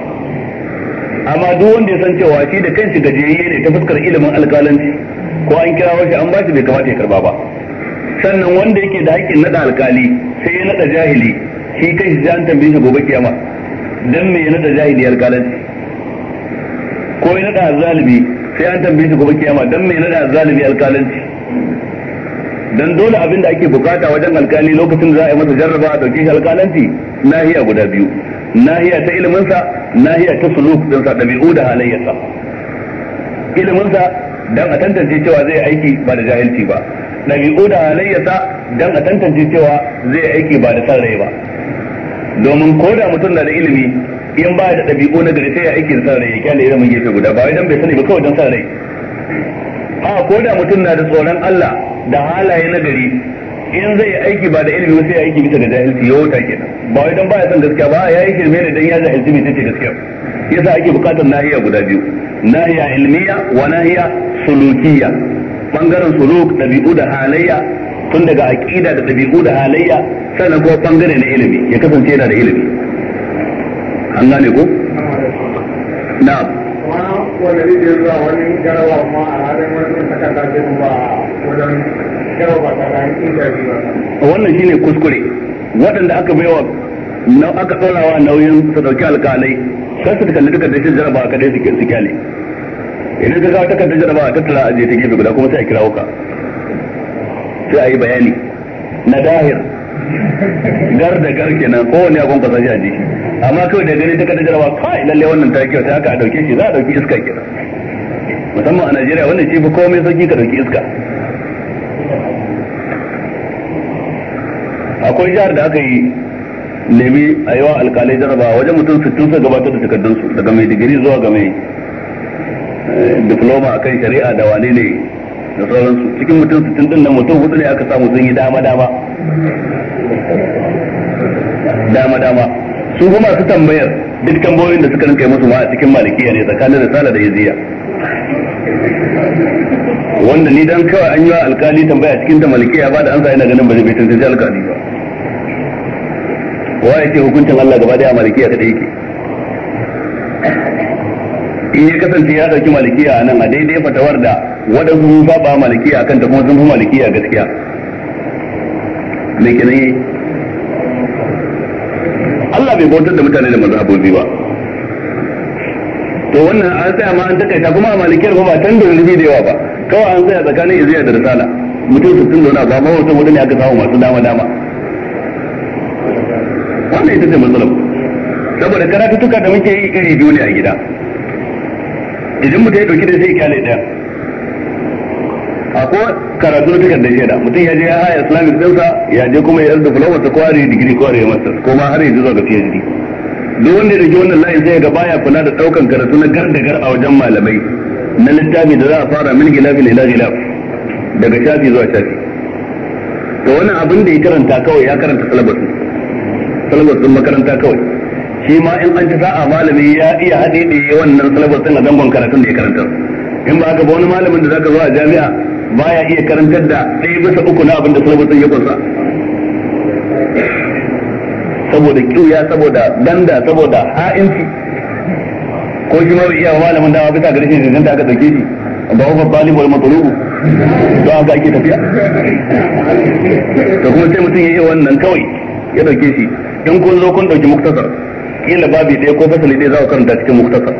A: amma duk wanda ya san cewa shi da kanshi gajiyayye ne ta fuskar ilimin alkalanci ko an kira shi an bashi bai kamata ya karba ba sannan wanda yake da haƙƙin nada alkali sai ya nada jahili shi kai shi an tambaye shi gobe kiyama dan me ya nada jahili alkalanci ko ya nada zalibi sai an tambaye shi gobe kiyama dan me ya nada zalibi alkalanci dan dole abin da ake bukata wajen alkali lokacin da za a yi masa jarraba a dauke shi alkalanci nahiya guda biyu nahiya ta ilimin sa nahiya ta suluk din sa dabi'u da halayyarsa ilimin sa dan a tantance cewa zai aiki ba da jahilci ba dabi'u da halayyarsa dan a tantance cewa zai aiki ba da sarrai ba domin ko da mutum na da ilimi in ba da dabi'u na gari sai ya aiki da san ya kyale ilimin gefe guda ba wai dan bai sani ba kawai dan sarrai a ko da mutum na da tsoron Allah da halaye na gari in zai aiki ba da ilimi sai ya aiki bisa ga jahilci ya wuta kenan ba wai dan baya son gaskiya ba ya yi kirme ne dan ya jahilci mai tace gaskiya yasa ake bukatar nahiya guda biyu nahiya ilmiya wa nahiya sulukiya bangaren suluk dabi'u da halayya tun daga aqida da dabi'u da halayya sannan kuma bangare na ilimi ya kasance yana
B: da ilimi an gane ko na'am wani wani da zuwa wani garawa ma a halin wani takarda ba
A: wannan ne kuskure waɗanda aka baiwa na aka tsorawa nauyin su dauki alkalai sai su kalli duka da shi jaraba ka suke su kyale idan ka ga takardar jaraba a tattara a ta gefe guda kuma sai a kira wuka. sai a yi bayani na dahir gar da gar kenan kowane ya kwasa shi a ji. amma kawai da gani takardar jaraba kawai lalle wannan ta kyau haka a dauke shi za a dauki iska kenan musamman a Najeriya wannan shi fi komai sauki ka dauki iska akwai jihar da aka yi nemi a wa alkalai jaraba wajen mutum sittin sai gabatar da takardunsu daga mai digiri zuwa ga mai eh, diploma akan shari'a da wane ne da sauransu cikin mutum sittin din nan mutum hudu ne aka samu sun yi dama dama dama dama su kuma su tambayar duk tambayoyin da suka rinka yi musu ma a cikin malikiya ne tsakanin risala da yaziya wanda ni dan kawai an yi wa alkali tambaya cikin ta malikiya ba da an sa ganin ba zai bai tantance alkali ba wa ya ce hukuncin Allah gaba daya malikiya kada yake in ya kasance ya dauki malikiya a nan a daidai fatawar da waɗansu sun saba malikiya kan ta kuma sun fi malikiya gaskiya me kenan yi Allah bai bautar da mutane da mazhabobi ba to wannan an tsaya ma an takaita kuma a malikiyar ba tan da rubi da yawa ba kawai an tsaya tsakanin izziya da risala mutum su tun wani abu amma wata wani ne aka samu masu dama dama wannan ita ce matsalar saboda karatuka da muke yi iri biyu ne a gida idan mutum ya dauki da sai kyale daya akwai karatu na da shaida mutum ya je ya haya islamic dausa ya je kuma ya yarda fulawar ta kware digiri kware master ko ma har yanzu zuwa ga phd duk wanda ya dauki wannan layin sai ga baya kula da daukan karatu na gar da gar a wajen malamai na littafi da za a fara min gilafin ila gilaf daga shafi zuwa shafi to wannan abin da ya karanta kawai ya karanta salabatin salabar din makaranta kawai shi ma in an ci sa'a malami ya iya haɗe da wannan salabar din a zangon karatun da ya karanta in ba haka ba wani malamin da zaka zo a jami'a baya iya karantar da ɗaya bisa uku na abin da salabar din ya kunsa saboda kiuya saboda danda saboda ha'inci ko shi ma iya iya malamin dama bisa ga rashin jinjin da aka dauke shi ba wa ne wal matlub don haka ake tafiya to kuma sai mutum ya yi wannan kawai ya dauke shi in kun zo kun dauki muktasar kila babi ɗaya ko fasali ɗaya za ku karanta cikin muktasar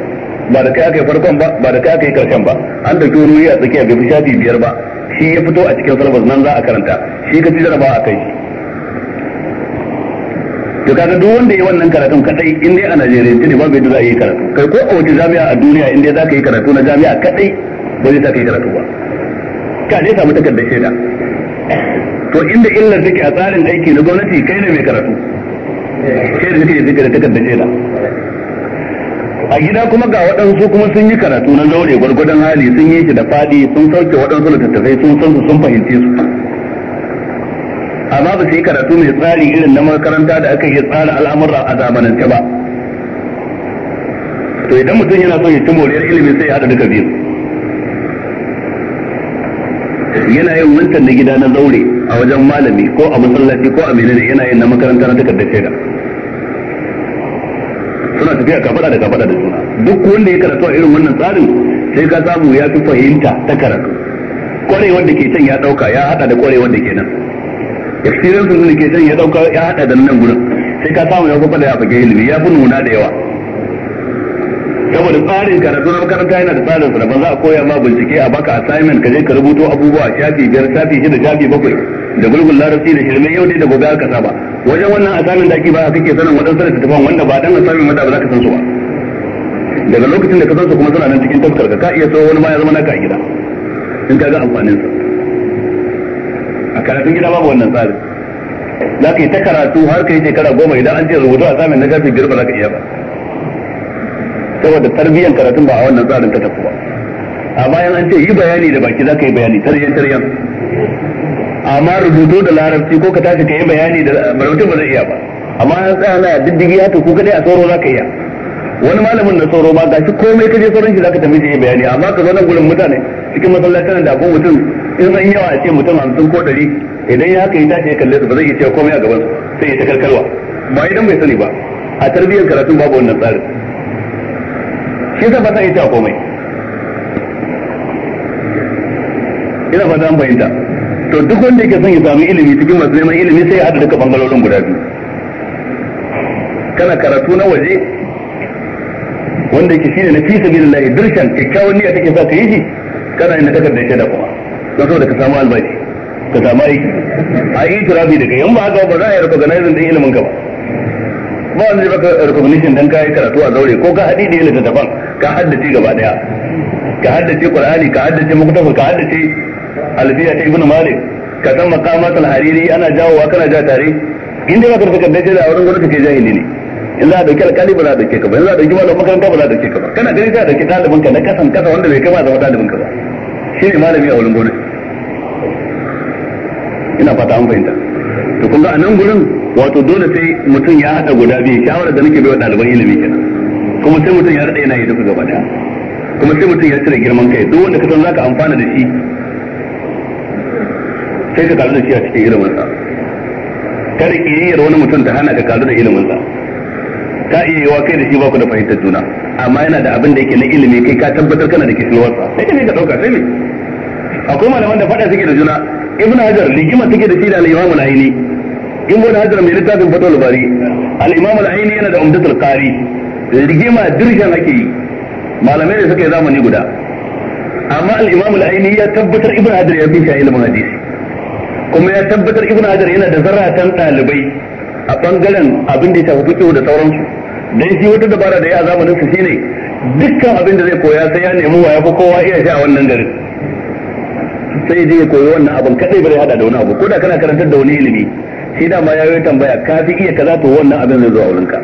A: ba da kai aka yi farkon ba ba da kai aka yi karshen ba an dauki wani a tsakiya bai fi shafi biyar ba shi ya fito a cikin salabar nan za a karanta shi ka ci jarabawa a kai to kaga duk wanda ya wannan karatun kadai in dai a Najeriya ne babu yadda za a yi karatu kai ko a waje jami'a a duniya in dai za ka yi karatu na jami'a kadai ba zai ka yi karatu ba ka dai samu takardar shaida to inda illar take a tsarin aiki na gwamnati kai ne mai karatu da da a gida kuma ga waɗansu kuma sun yi karatu na zaure gwargwadon hali sun yi shi da faɗi, sun sauke waɗansu littattafai sun san su sun fahimce su amma ba su yi karatu mai tsari irin na makaranta da aka yi tsara al'amura a zamanance ba to idan mutum yana son ya ci moriyar ilimi sai ya haɗa duka biyu yana yin wancan na gida na zaure a wajen malami ko a masallaci ko a menene yana yin na makaranta na takardar shaida suna tafiya faɗa da faɗa da juna duk wanda ya karatu a irin wannan tsarin sai ka samu ya fi fahimta ta karatu kwarewa wanda ke can ya dauka ya hada da kwarewa wanda ke nan experience da ke can ya dauka ya hada da nan gurin sai ka samu ya fi fada ya fage ilimi ya fi nuna da yawa saboda tsarin karatu na makaranta yana da tsarin sa ba za a koya ma bincike a baka assignment ka je ka rubuto abubuwa shafi biyar shafi shida shafi bakwai da gulgun larabci da shirme yau dai da gobe aka saba wajen wannan asamin da ake ba a kake sanin waɗansu da tafan wanda ba dan asamin mata ba za ka san su ba daga lokacin da ka san su kuma suna nan cikin tafkar ka iya sau wani ma ya zama naka a gida in ka ga amfanin sa a karatun gida babu wannan tsarin za ka yi ta karatu har ka yi shekara goma idan an ce rubutu a samun na shafi biyar ba za ka iya ba saboda tarbiyyar karatun ba a wannan tsarin ta tafi ba a bayan an ce yi bayani da baki za ka yi bayani tarayyan tarayyan amma rubutu da larabci ko ka tashi ka yi bayani da mutum ba zai iya ba amma an tsaya na diddigi haka ko kadai a sauro za ka iya wani malamin na sauro ba gashi komai ka je sauran shi za ka tafi yi bayani amma ka zo nan gurin mutane cikin masallacin da ko mutum in an yawa a ce mutum hamsin ko ɗari idan ya haka ya tashi ya kalle su ba zai iya cewa komai a gaban sai ya ta kalkalwa ba idan bai sani ba a tarbiyyar karatun babu wannan tsarin shi yasa ba sa iya cewa komai ina ba an bayyana to duk wanda yake son ya sami ilimi cikin masu neman ilimi sai ya haɗa duka bangalolin guda biyu kana karatu na waje wanda yake shine na fi sabilillah dirshan kyakkyawan niyya take sa ka yi shi kana yin da shaida kuma don saboda ka samu albashi ka samu aiki a yi turabi daga yan ba haka ba za a yi recognizing din ilimin ka ba ba wanda zai baka recognition dan kayi karatu a zaure ko ka haɗi da ilimin daban ka haddace gaba daya ka haddace qur'ani ka haddace muktafa ka haddace albiya ta ibnu malik ka san maqamat al-hariri ana jawowa kana ja tare inda ba ka da kaddai da auren gurin kake jahili ne in za a dauki alkali ba za a dauke ka ba in za a dauki Malam makaranta ba za a dauke ka ba kana gani za a dauki ɗalibin ka na kasan kasa wanda bai kama zama ɗalibin ka ba shi ne malami a wurin gonar ina fata an fahimta to kun ga a nan gurin wato dole sai mutum ya haɗa guda biyu shawarar da nake bai wa ɗaliban ilimi kenan kuma sai mutum ya daɗa yana yi duka gaba ɗaya kuma sai mutum ya cire girman kai duk wanda ka san zaka amfana da shi sai ka karu da shi a cikin iliminsa kada kiyayyar wani mutum ta hana ka karu da iliminsa ta iya yiwa kai da shi baku da fahimtar juna amma yana da abin da yake na ilimi kai ka tabbatar kana da kishilwarsa sai ne ka dauka sai ne akwai malaman da faɗa suke da juna ibnu hajar ligima take da shi da al-imamu al-aini ibnu hajar mai littafin fatul bari al imam al-aini yana da umdatul qari Ligima dirjan ake yi malamai ne suka yi zamani guda amma al imam al-aini ya tabbatar ibnu hajar ya bi shi ilimin hadisi kuma ya tabbatar ibn hajar yana da zaratan ɗalibai a bangaren abin da ya shafi fiqh da sauransu dan shi wata dabara da ya zamanin su shine dukkan abin da zai koya sai ya nemi wa yafi kowa iya shi a wannan garin sai je ya koyi wannan abin kadai bare hada da wani abu ko da kana karantar da wani ilimi sai da ya yi tambaya ka fi iya kaza to wannan abin zai zo a wurinka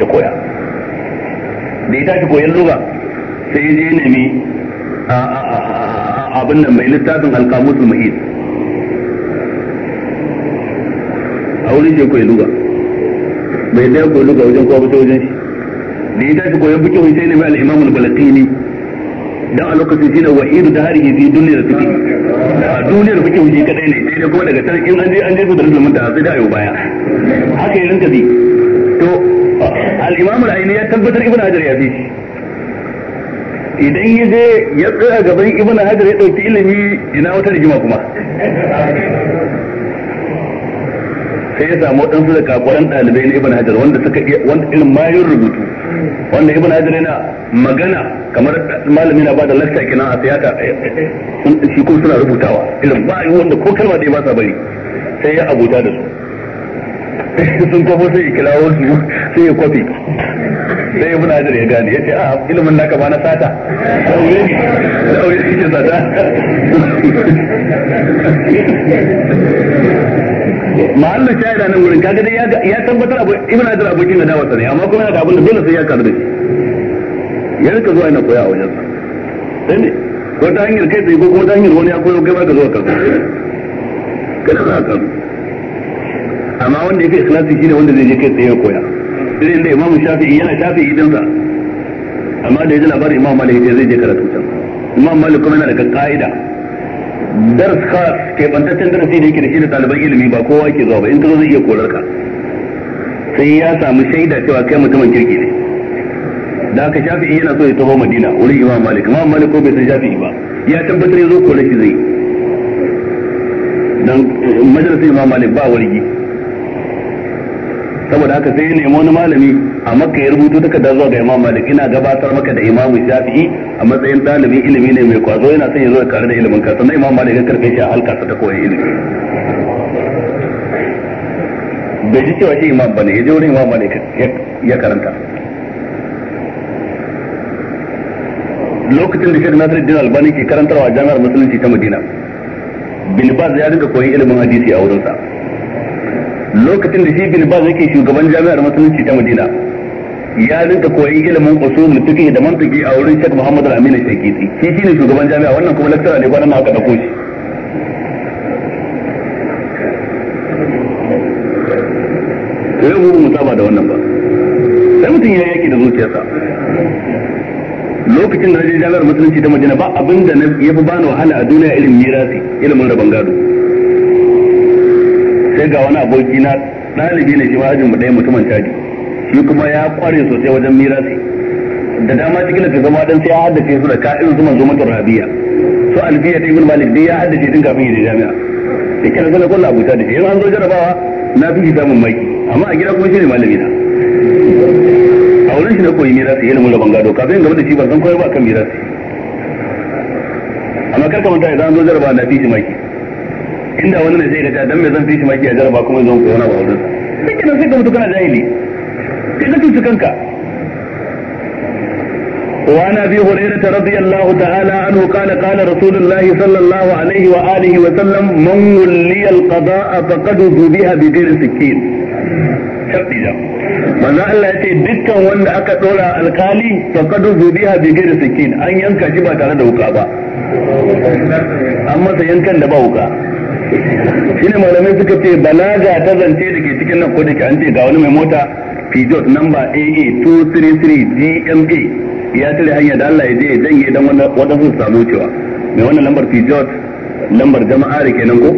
A: da koya da ya tashi koyan lugha sai ya je nemi abin nan mai littafin alqamusul mahid wurin je koyi luga bai da koyi luga wajen kowa ta wajen shi da ya tashi koyon buke wani sai ne mai al'imamu na balatini dan a lokacin shi ne wahidu da harihi fi duniyar fiki a duniyar buke wuce kadai ne sai dai kuma daga can in an je an je su da rajulun mutane sai da ayo baya haka yi rinka bi to al'imamu imamu al ya tabbatar ibnu hajar ya fi idan ya je ya tsaya gaban ibnu hajar ya dauki ilimi ina wata rigima kuma sai ya samu waɗansu da kakwaran ɗalibai na ibn hajar wanda suka iya wanda irin mayun rubutu wanda ibn hajar yana magana kamar malami na bada lasta kenan a siyaka eh, eh, eh, shi ko suna rubutawa irin bayu wanda ko kalma dai ba sa bari sai ya abuta da su <laughs> sun kwafo sai ya kira wasu, sai ya kwafi sai ibn hajar ya gane ya ce a ah, ilimin naka ba na sata daure daure shi ke sata <laughs> ma'alla shahida nan wurin kaga dai ya tabbatar abu ibn hajar abokin da wasa ne amma kuma yana da abin da dole sai ya karu da shi ya rika zuwa yana koya a wajen sa sai ne ko ta hanyar kai tsaye ko kuma ta hanyar wani ya koyo kai ba ka zuwa karɓa kada za ka amma wanda ya kai ikhlasi shine wanda zai je kai tsaye ya koya sai inda imam shafi'i yana shafi'i din sa amma da ya ji labarin imam malik zai je karatu can imam malik kuma yana daga ka'ida dars khas ke bantaccen darasi da yake da shi da ɗaliban ilimi ba kowa ke zuwa ba in ka zo zai iya korar ka sai ya samu shaida cewa kai mutumin kirki ne da aka shafi'i yana so ya taho madina wurin imam malik imam malik ko bai san shafi'i ba ya tabbatar ya zo korar shi zai dan majalisin imam malik ba wargi saboda haka sai ya nemi wani malami a makka ya rubuto da zuwa ga imam malik ina gabatar maka da imam shafi'i a matsayin dalibi ilimi ne mai kwazo yana son ya zo ya kare da ilimin ka sannan imam malik ya karfe shi a halka ta koyi ilimi bai ji cewa shi imam bane ya je wurin imam malik ya karanta lokacin da nasiru Nasiruddin Albani ke karantarwa jami'ar musulunci ta Madina bilbaz ya dinga koyi ilimin hadisi a wurinsa lokacin da shi bilbaz yake shugaban jami'ar musulunci ta Madina ya rinka koyi ilimin usulul fiqh da mantiki a wurin Sheikh Muhammad Al-Amin Al-Shaqiqi shi shine shugaban jami'a wannan kuma lecturer ne kwanan aka da shi to yau mu saba da wannan ba sai mutun ya yake da zuciyarsa lokacin da naje jami'ar musulunci ta Madina ba abin da ya fi bani wahala a duniya irin mirasi ilimin rabon gado sai ga wani aboki na ɗalibi ne shi ba ajin mu ɗaya mutumin caji shi kuma ya kware sosai wajen mirasi da dama cikin da zama dan sai ya haddace su da ka'in su zuma mata rabiya so alfiya da ibn malik dai ya haddace din kafin ya jami'a sai kana zalla kullu abuta da shi yanzu an zo jarabawa na fi samun maki amma a gida kuma shine malami na a wurin shi na koyi mirasi ilimin da bangado kafin game da shi ban san koyar ba kan mirasi amma kar ka manta idan an zo jarabawa na fi maki inda wani ne sai ga dan me zan fi maki a jarabawa kuma zan koyi na ba wurin sai kana sai ka mutu kana jahili kai ka cuci kanka وعن ابي هريره رضي الله تعالى عنه قال قال رسول الله صلى الله عليه واله وسلم من ولي القضاء فقد ذبح بغير سكين شديدا manzo Allah ya ce dukkan wanda aka dora alkali faqad zubiha bi ghairi sakin an yanka shi ba tare da wuka ba an masa yankan da ba wuka shine malamai suka ce balaga ta zance da ke cikin nan ko da ke ga wani mai mota pijot namba aa 233 gma ya tare hanya da Allah ya je ya janye dan wadansu sun samu cewa mai wannan lambar pijot lambar jama'a da kenan ko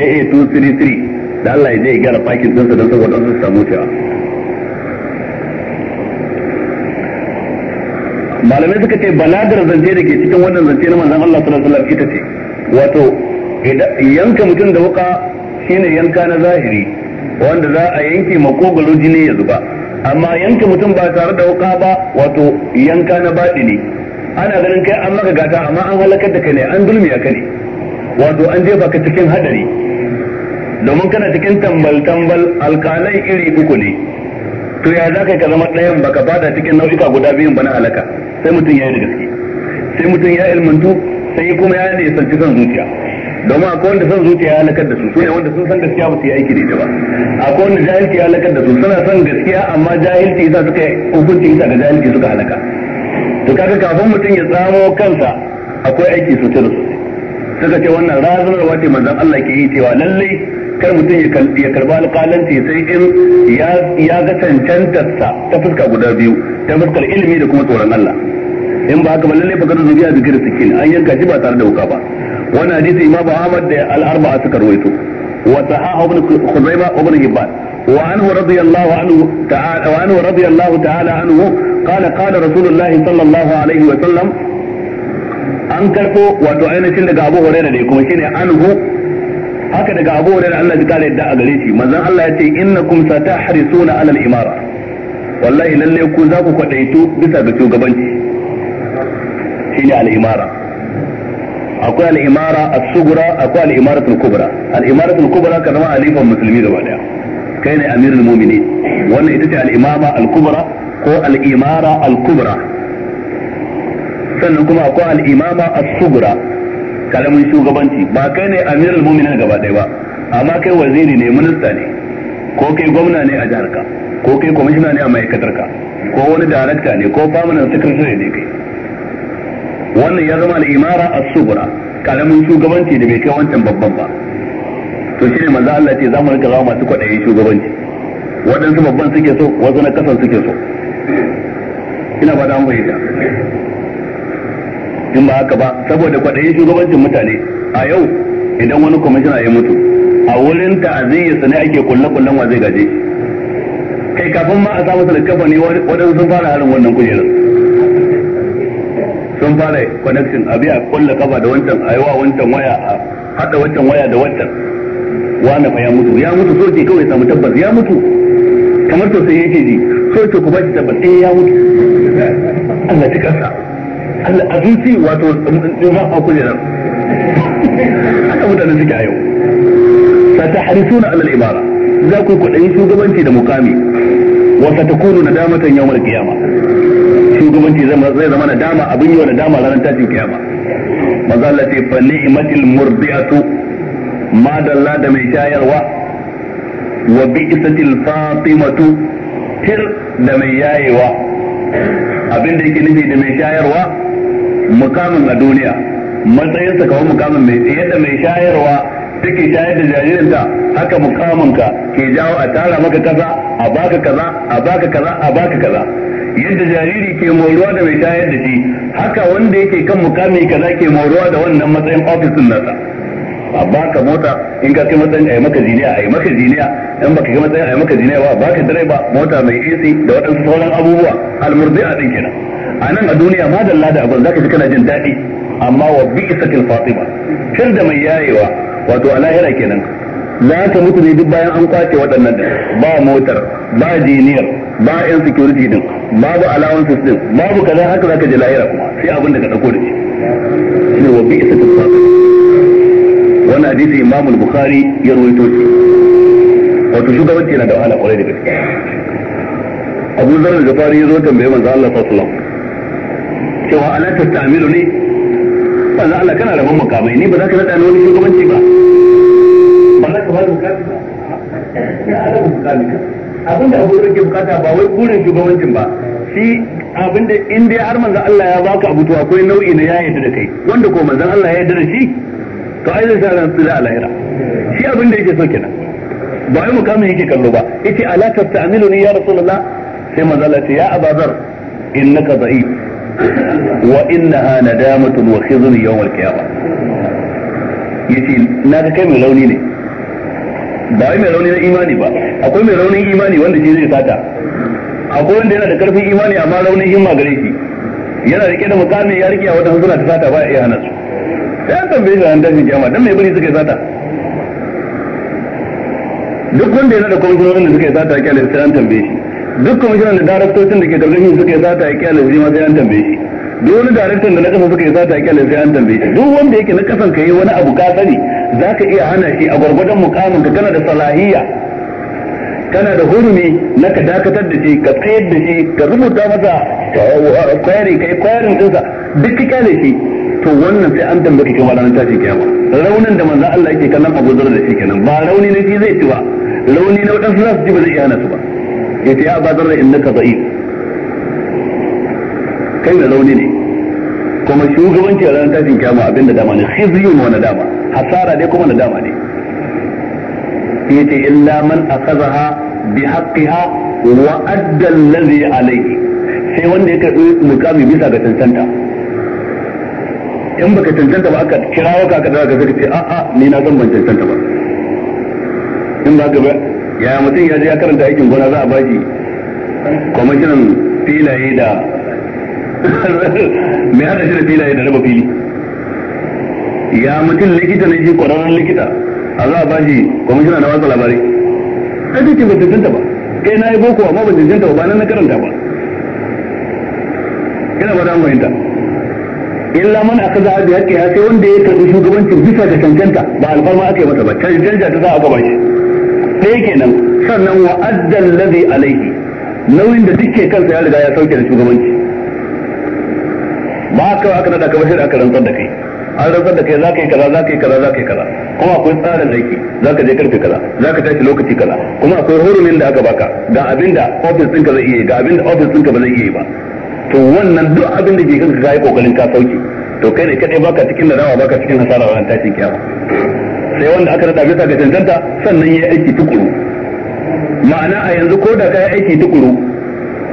A: aa 233 da Allah ya je ya gyara fakin dinsa don saboda su samu cewa malamai suka ce baladar zance da ke cikin wannan zance na manzon Allah sallallahu alaihi wasallam ita ce wato yanka mutum da wuka shine yanka na zahiri wanda za a yanke makogaro jini ya zuba amma yanka mutum ba tare da wuka ba wato yanka na ne ana ganin kai an maka gata amma an halakar da kai ne an dulmiya ka ne wato an jefa ka cikin hadari domin kana cikin tambal tambal alkalai iri uku ne to ya za ka zama ɗayan baka bada cikin nau'uka guda biyun ba na halaka sai mutum ya yi da gaske sai mutum ya ilmantu sai kuma ya nisanci sanci zuciya domin akwai wanda son zuciya ya halakar da su sune wanda sun san gaskiya ba su yi aiki da ita ba akwai wanda jahilci ya halakar da su suna son gaskiya amma jahilci isa suka hukuncin isa ga jahilci suka halaka to kaga kafin mutum ya tsamo kansa akwai aiki sosai da sosai suka ce wannan razanarwa ce manzon Allah ke yi cewa lallai kar mutum ya karba alƙalanci sai in ya ga cancantarsa ta fuska guda biyu ta fuskar ilimi da kuma tsoron Allah in ba haka ba lallai fa kada zubiya da gari sikin an yanka shi ba tare da wuka ba wannan hadisi imamu ahmad da al a suka rawaito wa sahahu ibn khuzaimah ibn hibban وعنه رضي الله عنه تعالى وعنه رضي الله تعالى عنه قال قال رسول الله صلى الله عليه وسلم an karfo wato ainihin daga abu hurairah ne kuma shine anhu haka daga abu hurairah Allah ya kare da a gare shi manzon Allah ya ce innakum satahrisuna ala al-imara wallahi lalle ku za ku kwadaitu bisa ga shugabanci shine al-imara akwai al'imara a sugura akwai al'imaratul al'imara al'imaratul kubra ka zama alifan musulmi gaba daya kai ne amirul mumini wannan ita ce al'imama al ko al'imara al sannan kuma akwai al'imama a sugura kalamin shugabanci ba kai ne amirul mumini gaba daya ba amma kai waziri ne minista ne ko kai gwamna ne a jihar ka ko kai kwamishina ne a ma'aikatar ka ko wani darakta ne ko famanin sakatare ne kai wannan ya zama al'imara a sugura karamin shugabanci da bai kai wancan babban ba to shine manzo Allah ce zamu ka zama masu kwaɗayin shugabanci waɗansu babban suke so wasu na kasan suke so ina ba da in ba haka ba saboda kwaɗayin shugabancin mutane a yau idan wani kwamishina ya mutu a wurin ta'aziyyarsa ne ake kulle-kullen wa zai gaje kai kafin ma a samu sadaka ne waɗansu sun fara harin wannan kujerar sun fara connection abi a kulla kafa da wancan a yawa wancan waya a hada wancan waya da wancan wani fa ya mutu ya mutu so ke kawai samu tabbas ya mutu kamar to sai yake ji so ke ku bashi tabbas eh ya mutu Allah ta kasa Allah abinci wato ma a kujerar haka mutane suke a yau satahrisuna alal ibara za ku kudayin shugabanci da mukami wa satakunu nadamatan yawmal qiyamah zumunci zai zama na dama abin yi wa na dama ranar tashin kiyama maza Allah ce fa ni'matil murdi'atu madalla da mai shayarwa wa isatil fatimatu tir da mai yayewa abin da yake nufi da mai shayarwa mukamin a duniya matsayinsa kawai mukamin mai yadda mai shayarwa take shayar da jaririnta haka mukaminka ke jawo a tara maka kaza a baka kaza a baka kaza a baka kaza yadda jariri ke moruwa da mai tayar da shi haka wanda yake kan mukami kaza ke moruwa da wannan matsayin ofisin nasa a baka mota in ka kai matsayin a yi maka jiniya a yi maka jiniya in baka kai matsayin a yi maka jiniya ba baka direba mota mai AC da waɗansu sauran abubuwa almurdi a ɗin kenan a nan a duniya ma dalla da abin ka ji kana jin daɗi amma wa bi isa bi'satil ba shir da mai yayewa wato a lahira kenan za ka mutu ne duk bayan an kwace waɗannan din ba motar ba jiniyar ba yan security din babu allowances din babu kaza haka zaka je lahira kuma sai abin da ka dauko da shi shine wa bi isa tafaqa wannan hadisi Imam al-Bukhari ya rawaito shi wato shugabanci yana da wahala kwarai da gaske Abu Zar al-Ghafari ya zo tambaye manzo Allah sallallahu alaihi wasallam cewa ala tastamilu ne manzo Allah kana rabon makamai ni ba za ka nada wani shugabanci ba kamar bukati ya alamu bukati abin da abu ke bukata ba wai burin shugabancin ba shi abin da in dai har manzon Allah ya baka abu to akwai nau'i na ya yarda da kai wanda ko manzon Allah ya yadda da shi to ai zai sa ran tsira ala'ira. shi abin da yake so kenan ba wai mukamin yake kallo ba yace ala tastamilu ni ya rasulullah sai manzon Allah ya abazar innaka da'if wa innaha nadamatun wa khizun yawm al-qiyamah yace na kai mai launi ne ba wai mai rauni na imani ba akwai mai raunin imani wanda shi zai sata akwai wanda yana da karfin imani amma raunin himma gare shi yana rike da mukamin ya rike a wata suna ta sata ba ya iya hana su sai an tambaye shi an tashin kiyama dan mai bari suka yi sata duk wanda yana da kwamfanonin da suka yi sata kyale sai an tambaye shi duk kwamishinan da daraktocin da ke karkashin suka yi sata ya kyale sai ma sai an tambaye shi duk wani daraktan da na kasa suka yi za ta kyalin sai an tambaye shi duk wanda yake na kasan ka yi wani abu ka sani ka iya hana shi a gwargwadon mukamin ka kana da salahiyya kana da hurumi na ka dakatar da shi ka tsayar da shi ka rubuta masa kwayari kai kwayarin dinsa duk ka kyale shi to wannan sai an tambaye kai ta tashin kyawa raunin da manzo Allah yake kallon Abu Dharr da shi kenan ba rauni na shi zai ci ba rauni na wadansu za su ji ba zai iya hana su ba yace ya Abu Dharr innaka za'i kai da rauni ne kuma shugabanci a ranar tashin kyama abinda dama ne khizyun wa nadama hasara ne kuma nadama ne yace illa man akhadha bi haqqiha wa adda alladhi alayhi sai wanda ya karbi mukami bisa ga tantanta in baka tantanta ba aka kirawo ka aka dawo ka ce a a ni na zan ban tantanta ba in ba gaba ya mutum ya je ya karanta aikin gona za a bashi kwamishinan filaye da
B: <laughs> mai
A: hada shi da filaye da raba fili ya mutum likita ne shi kwararren likita a za a ba shi kwamishina na watsa labarai kai ce ba cancanta ba kai na yi boko amma ba cancanta ba na karanta ba ina ba da fahimta illa man aka za a biya ke sai wanda ya karɓi shugabancin bisa da cancanta ba alfarma aka yi masa ba cancanta ta za a gaba shi ɗaya kenan sannan wa'addan ladai alaihi nauyin da duk ke kansa ya riga ya sauke da shugabanci ba ka aka nada ka shi da aka rantsar da kai an rantsar da kai za ka yi kaza za ka yi kaza za ka yi kaza kuma akwai tsarin aiki za ka je karfe kaza za ka tashi lokaci kaza kuma akwai hurumin da aka baka ga abin da ofis ɗinka zai iya yi ga abin da ofis ɗinka ba zai iya yi ba to wannan duk abin da ke kanka ka yi kokarin ka sauke to kai ne kadai baka cikin nadawa baka cikin hasara wannan tashin kiyama sai wanda aka nada bisa ga cancanta sannan ya yi aiki tukuru ma'ana a yanzu ko da ka yi aiki tukuru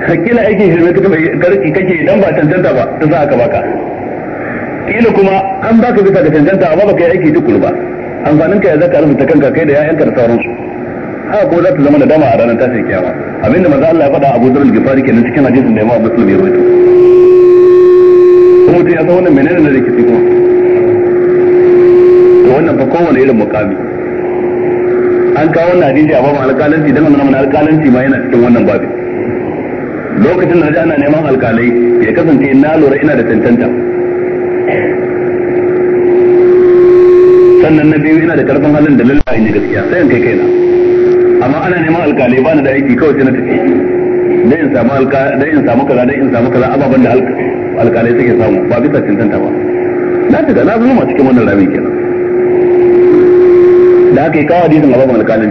A: sakila aikin shirme kake karki kake idan ba tantanta ba ta za ka baka kila kuma an baka bisa ga tantanta amma baka yi aiki tukul ba amfanin ka ya zaka rubuta kanka kai da ƴaƴanka da sauransu haka ko za ta zama da dama a ranar tashin kiyama abinda manzo Allah ya faɗa Abu Dharr al-Ghifari kenan cikin hadisin da Imam Muslim ya rawaito kuma mutum ya san wannan menene ne rikici kuma to wannan fa kowane irin mukami an kawo wannan hadisi a babu alƙalanci dan wannan alƙalanci ma yana cikin wannan babin lokacin da naji ana neman alkalai ya kasance na lura ina da tantanta sannan na biyu ina da karfin halin da lallai ne gaskiya sai kai kai kaina amma ana neman alkalai ba ni da aiki kawai sai na tafi dan in samu alkalai dan in samu kaza dan in samu kaza ababen da alkalai suke samu ba bisa tantanta ba na tuka na zama cikin wannan ramin kenan da aka yi kawo hadisin ababen alkalai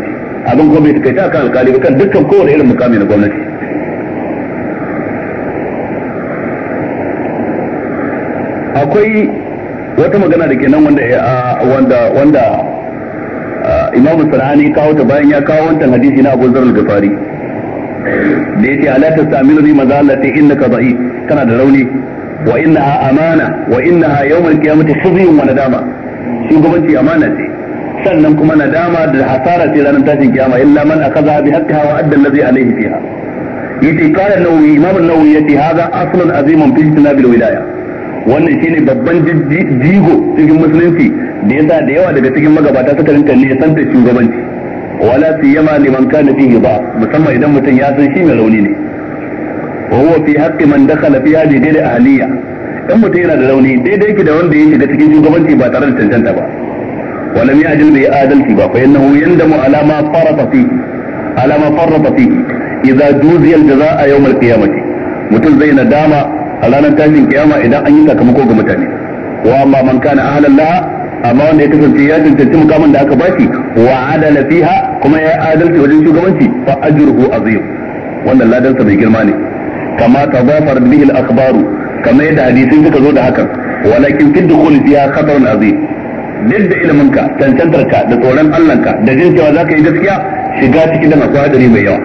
A: abin kuma bai kai ta kan alkalai ba kan dukkan kowane irin mukami na gwamnati akwai wata magana da kenan eh, wanda wanda wanda imamu sarani kawo ta bayan ya kawo wancan hadisi na abu zarar gafari da ya ce ala ta samilu ni maza Allah sai innaka da'i kana da rauni wa innaha amana wa innaha yawmal qiyamati khizyun wa nadama shugabanci amana ce sannan kuma nadama da hasara ce ranar tashin kiyama illa man akaza bi haqqiha wa adda allazi alayhi fiha yace qala an-nawawi imam an-nawawi yace hadha aslun azimun fi istinabil wilaya wannan shi ne babban jigo cikin musulunci da yasa da yawa daga cikin magabata suka rinka ne san da shugabanci wala su yama liman kana fihi ba musamman idan mutum ya san shi mai rauni ne wa huwa fi haqqi man dakhala fi daidai ghairi ahliya ɗan mutum yana da rauni daidai yake da wanda ya shiga cikin shugabanci ba tare da cancanta ba ولم يعجل به آدلتي با فإنه يندم على fi alama فيه على ما duziyar da za a yau يوم القيامة mutum zai nadama a ranar tashin kiyama idan an yi sakamako ga mutane wa amma man kana ahlan laha amma wanda ya kasance ya cancanci mukamin da aka bashi wa adala fiha kuma ya adalci wajen shugabanci fa ajruhu azim wannan ladan sa mai girma ne kama tadafar bihi al-akhbaru kama yadda hadisin suka zo da hakan walakin fi dukhul fiha khatarun azim duk da iliminka cancantarka da tsoron Allahnka da jin cewa zaka yi gaskiya shiga cikin da masu hadari mai yawa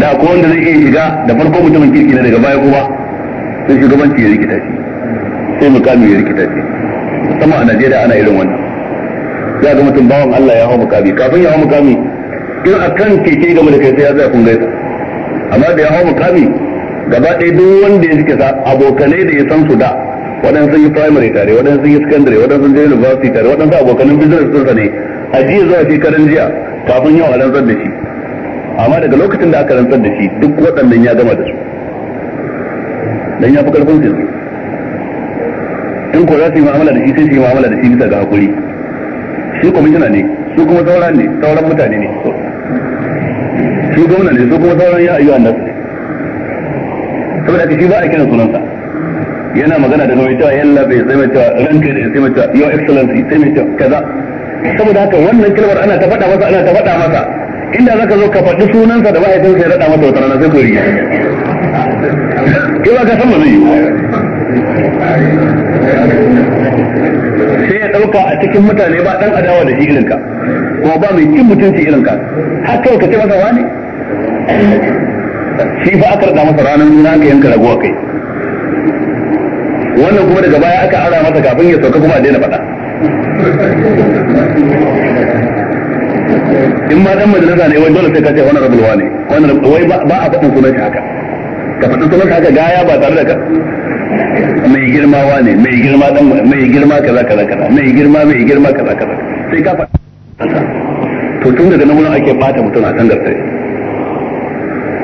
A: da ko wanda zai iya shiga da farko mutumin kirki na daga baya kuma sai shugabanci ya rikita shi sai mukami ya rikita shi musamman a Najeriya ana irin wannan ya ga mutum bawan Allah ya hau mukami kafin ya hau mukami in a kan keke game da kai sai ya zai kun gaisa amma da ya hau mukami gaba ɗaya duk wanda ya rike sa abokanai da ya san su da waɗansu yi primary tare waɗansu yi secondary waɗansu yi university tare waɗansu abokanin business sun ne a jiya zuwa shekaran jiya kafin yau a rantsar da shi amma daga lokacin da aka rantsar da shi duk waɗannan ya gama da su dan ya fi karfin su in ko za su yi mu'amala da shi sai su yi mu'amala da shi bisa ga hakuri shi kwamishina ne su kuma sauran ne sauran mutane ne shi gwamna ne su kuma sauran ya ayyuan nasu saboda ka shi ba a kiran sunansa yana magana da mai cewa yalla bai sai mai cewa ranka ne sai mai cewa your excellency sai mai cewa kaza saboda haka wannan kalmar ana ta faɗa masa ana ta faɗa masa inda zaka zo ka faɗi sunansa da sai ya raɗa masa wata rana sai ko riya ke ba ka san ba zai yi sai ya ɗauka a cikin mutane ba ɗan adawa da shi irinka kuma ba mai cin mutunci irinka har kawai ka ce masa wani shi fa aka rada masa ranar nuna ka yanka raguwa kai wannan kuma daga baya aka ara masa kafin ya sauka kuma a daina faɗa in ma dan majalisa ne wai dole sai ka ce wani rabuwa ne wai ba a faɗin sunan shi haka ka faɗi sunan ka haka gaya ba tare da ka mai girma wane mai girma dan mai girma kaza kaza kaza mai girma mai girma kaza kaza sai ka faɗi to tun daga nan wurin ake bata mutum a tangar sai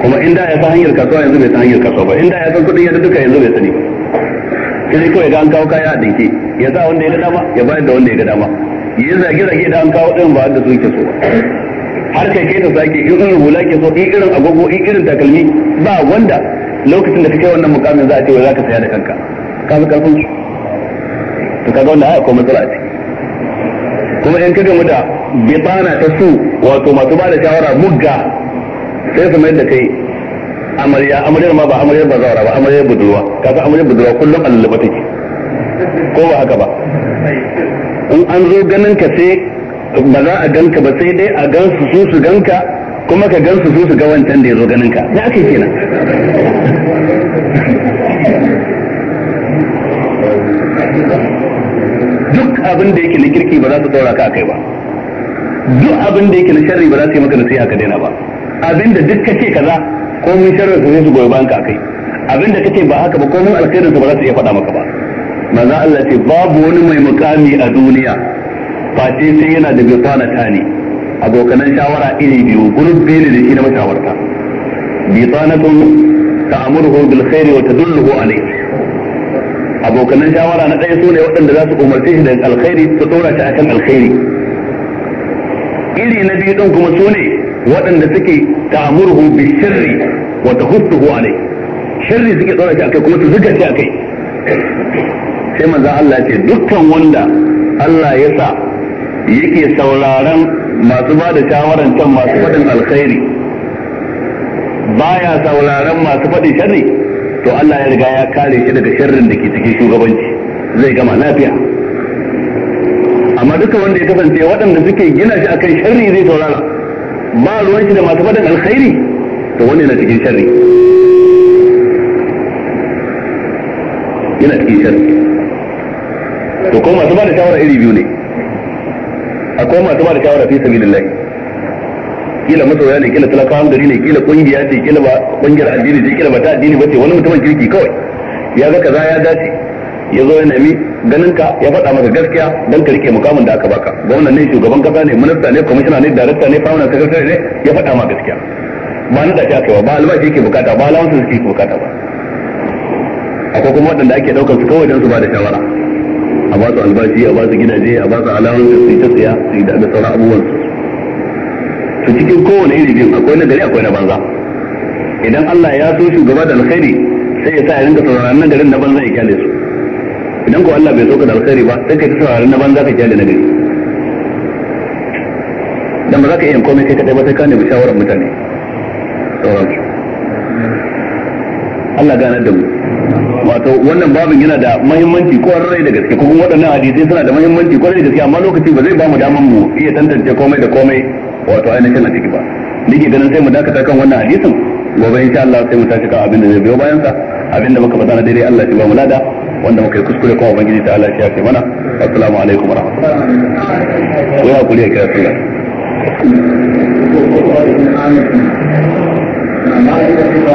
A: kuma inda ya san hanyar kasuwa yanzu bai san hanyar kasuwa ba inda ya san kuɗin yadda duka yanzu bai sani sai ko kawai ga an kawo kaya a dinki ya sa wanda ya ga dama ya bayar da wanda ya ga dama ya zage zage da an kawo ɗin ba da su yake so har kai kai da sake in irin hula ke so in irin agogo in irin takalmi ba wanda lokacin da ka wannan mukamin za a ce wai za ka saya da kanka ka fi karfin su to kaga wanda ai akwai matsala ce kuma in ka gamu da bibana ta su wato masu ba da shawara mugga sai su mai da kai amarya amaryar ma ba amaryar bazawara ba amaryar budurwa ga amaryar budurwa kullum allaba take ko ba haka ba in an zo ganin ka sai ba za a ganka ba sai dai a gansu su su ganka kuma ka gansu su su ga wancan da ya zo ganin ka ya aka yi kenan duk abin da yake na kirki ba za su tsora ka kai ba duk abin da yake na sharri ba za su yi maka nasiha ka daina ba abin da duk kace kaza ko mun sharri su su goyi bayan ka kai abin da kace ba haka ba ko mun alkhairin su ba za su iya faɗa maka ba manzo Allah ce babu wani mai mukami a duniya face sai yana da bitanata tani. abokanan shawara iri biyu gurin biyu da shi na mashawarta ta amurhu bil khairi wa tadulluhu alayhi abokanan shawara na ɗaya sune waɗanda za su umarce shi da alkhairi su tsora shi akan alkhairi iri na biyu ɗin kuma sune waɗanda suke ta ta'amuruhu bil wata wa tahussuhu alayhi Shirri suke tsora shi akai kuma su zuga shi akai sai maza Allah ya ce dukkan wanda Allah ya sa yake sauraron masu ba da shawaran can masu faɗin alkhairi baya sauraron masu faɗin sharri to Allah ya riga ya kare shi daga sharrin da ke cikin shugabanci zai gama lafiya amma duka wanda ya kasance waɗanda suke gina shi akan sharri zai saurara ba ruwan shi da masu faɗin alkhairi to wani na cikin sharri yana cikin sharri to kuma masu ba da shawara iri biyu ne akwai masu ba da shawara fi sabilillah kila masoya ne kila talakawan gari ne kila kungiya ce kila ba kungiyar addini ce kila ba ta addini ba ce wani mutumin kirki kawai ya ga kaza ya dace ya zo ya nemi ganin ka ya faɗa maka gaskiya dan ka rike mukamin da aka baka gwamnan ne shugaban kasa ne minista ne kwamishina ne darakta ne famanan sakatare ne ya faɗa ma gaskiya ba na dace aka yi ba albashi yake bukata ba alawansu suke bukata ba akwai kuma waɗanda ake ɗaukar su kawai don su ba da shawara a ba su albashi a ba su gidaje a ba su alawansu su yi ta tsaya su yi da sauran abubuwan su cikin kowane iri biyu akwai na gari akwai na banza idan Allah ya so shugaba da alkhairi sai ya sa ya rinka sauraron na garin na banza ya kyale su idan ko Allah bai so ka da alkhairi ba sai ka ta sauraron na banza ka kyale na gari dan ba za ka iya komai kai kadai ba sai ka nemi shawarar mutane sauransu Allah gana da mu wato wannan babin yana da muhimmanci rai da gaske kuma waɗannan hadisai suna da muhimmanci rai da gaske amma lokaci ba zai ba mu daman mu iya tantance komai da komai wato ainihin a ciki ba nake ganin sai mu dakata kan wannan hadisin gobe insha Allah sai mu tashi kan abin da zai biyo bayan sa abin da muka bazana daidai Allah ya ba mu lada wanda muka yi kuskure kuma ubangiji ta Allah ya ce mana assalamu alaikum
B: warahmatullahi wa hakuri ya kira sallah amma ina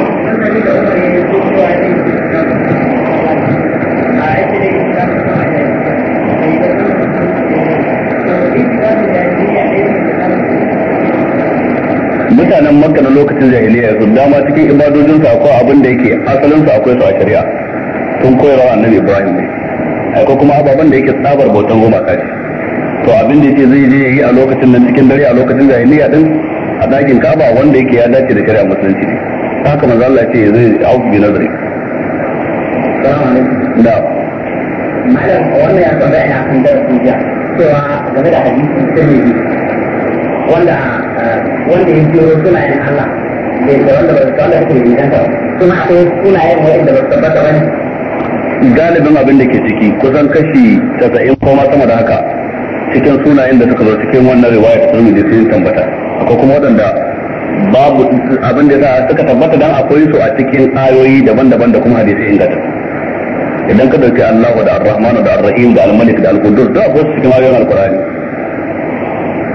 A: mutanen makka na lokacin jahiliya su dama cikin ibadojin su akwai abin da yake asalin su akwai su a shari'a sun koyarwa annabi ibrahim ne akwai kuma ababen da yake tsabar bautan goma ce to abin da yake zai je yi a lokacin nan cikin dare a lokacin jahiliya din a dakin kaba wanda yake ya dace da shari'a musulunci ne haka maza Allah ce zai auku bi nazari da
B: malam wannan ya tambaya ne akan darasin jiya cewa game da hadisin tirmidhi wanda eh, wanda ya jiro sunayen Allah da da wanda ba ta wanda ke rigan ta kuma akwai sunayen wanda ba su tabbata ba ne
A: galibin abin da ke ciki kusan kashi 90 ko ma sama da haka cikin sunayen da suka zo cikin wannan riwaya ta tirmidhi sun tambata akwai kuma waɗanda babu abin da a suka tabbata dan akwai su a cikin ayoyi daban-daban da kuma hadisi ingata idan ka dauki Allah da Ar-Rahman da Ar-Rahim da Al-Malik da Al-Qudus da akwai su cikin ayoyin Al-Qur'ani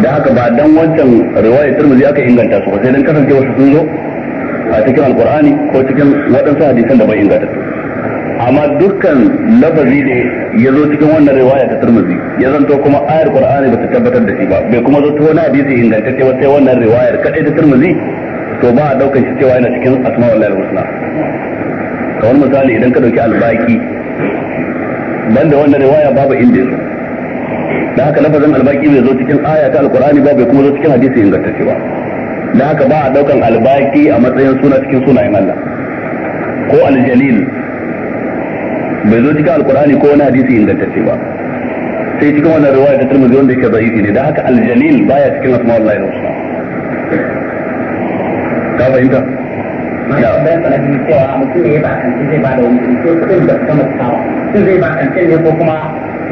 A: da haka ba dan wancan riwayar Tirmidhi aka inganta su sai dan kasancewa su sun zo a cikin Al-Qur'ani ko cikin wadansu hadisan da bai inganta su amma dukkan lafazi ne ya zo cikin wannan riwaya ta turmuzi ya zanto kuma ayar qur'ani ba ta tabbatar da shi ba bai kuma zo ta wani hadisi ingantacce ba sai wannan riwayar kadai ta turmuzi to ba a daukan shi cewa yana cikin asma wallahi husna kamar misali idan ka dauki albaki banda wannan riwaya babu inda yazo da haka lafazin albaki bai zo cikin aya ta alqur'ani ba bai kuma zo cikin hadisi ingantacce ba da haka ba a daukan albaki a matsayin suna cikin sunayen Allah ko aljalil bai zo cikin alkur'ani ko wani hadisi ingantacce ba sai cikin wannan riwaya ta turmuzi wanda yake zaifi ne da haka aljalil baya cikin asma'ul lahi na usna ka fahimta cewa mutum ne ya ba zai ba da wani mutum da kuma kawo sun zai ba kan ko kuma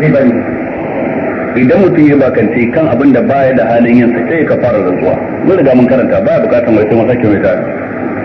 A: zai bari idan mutum ya bakance kan abin da baya da halin yin sa sai ka fara rantsuwa mun riga mun karanta baya bukatan wai sai mun sake mai tare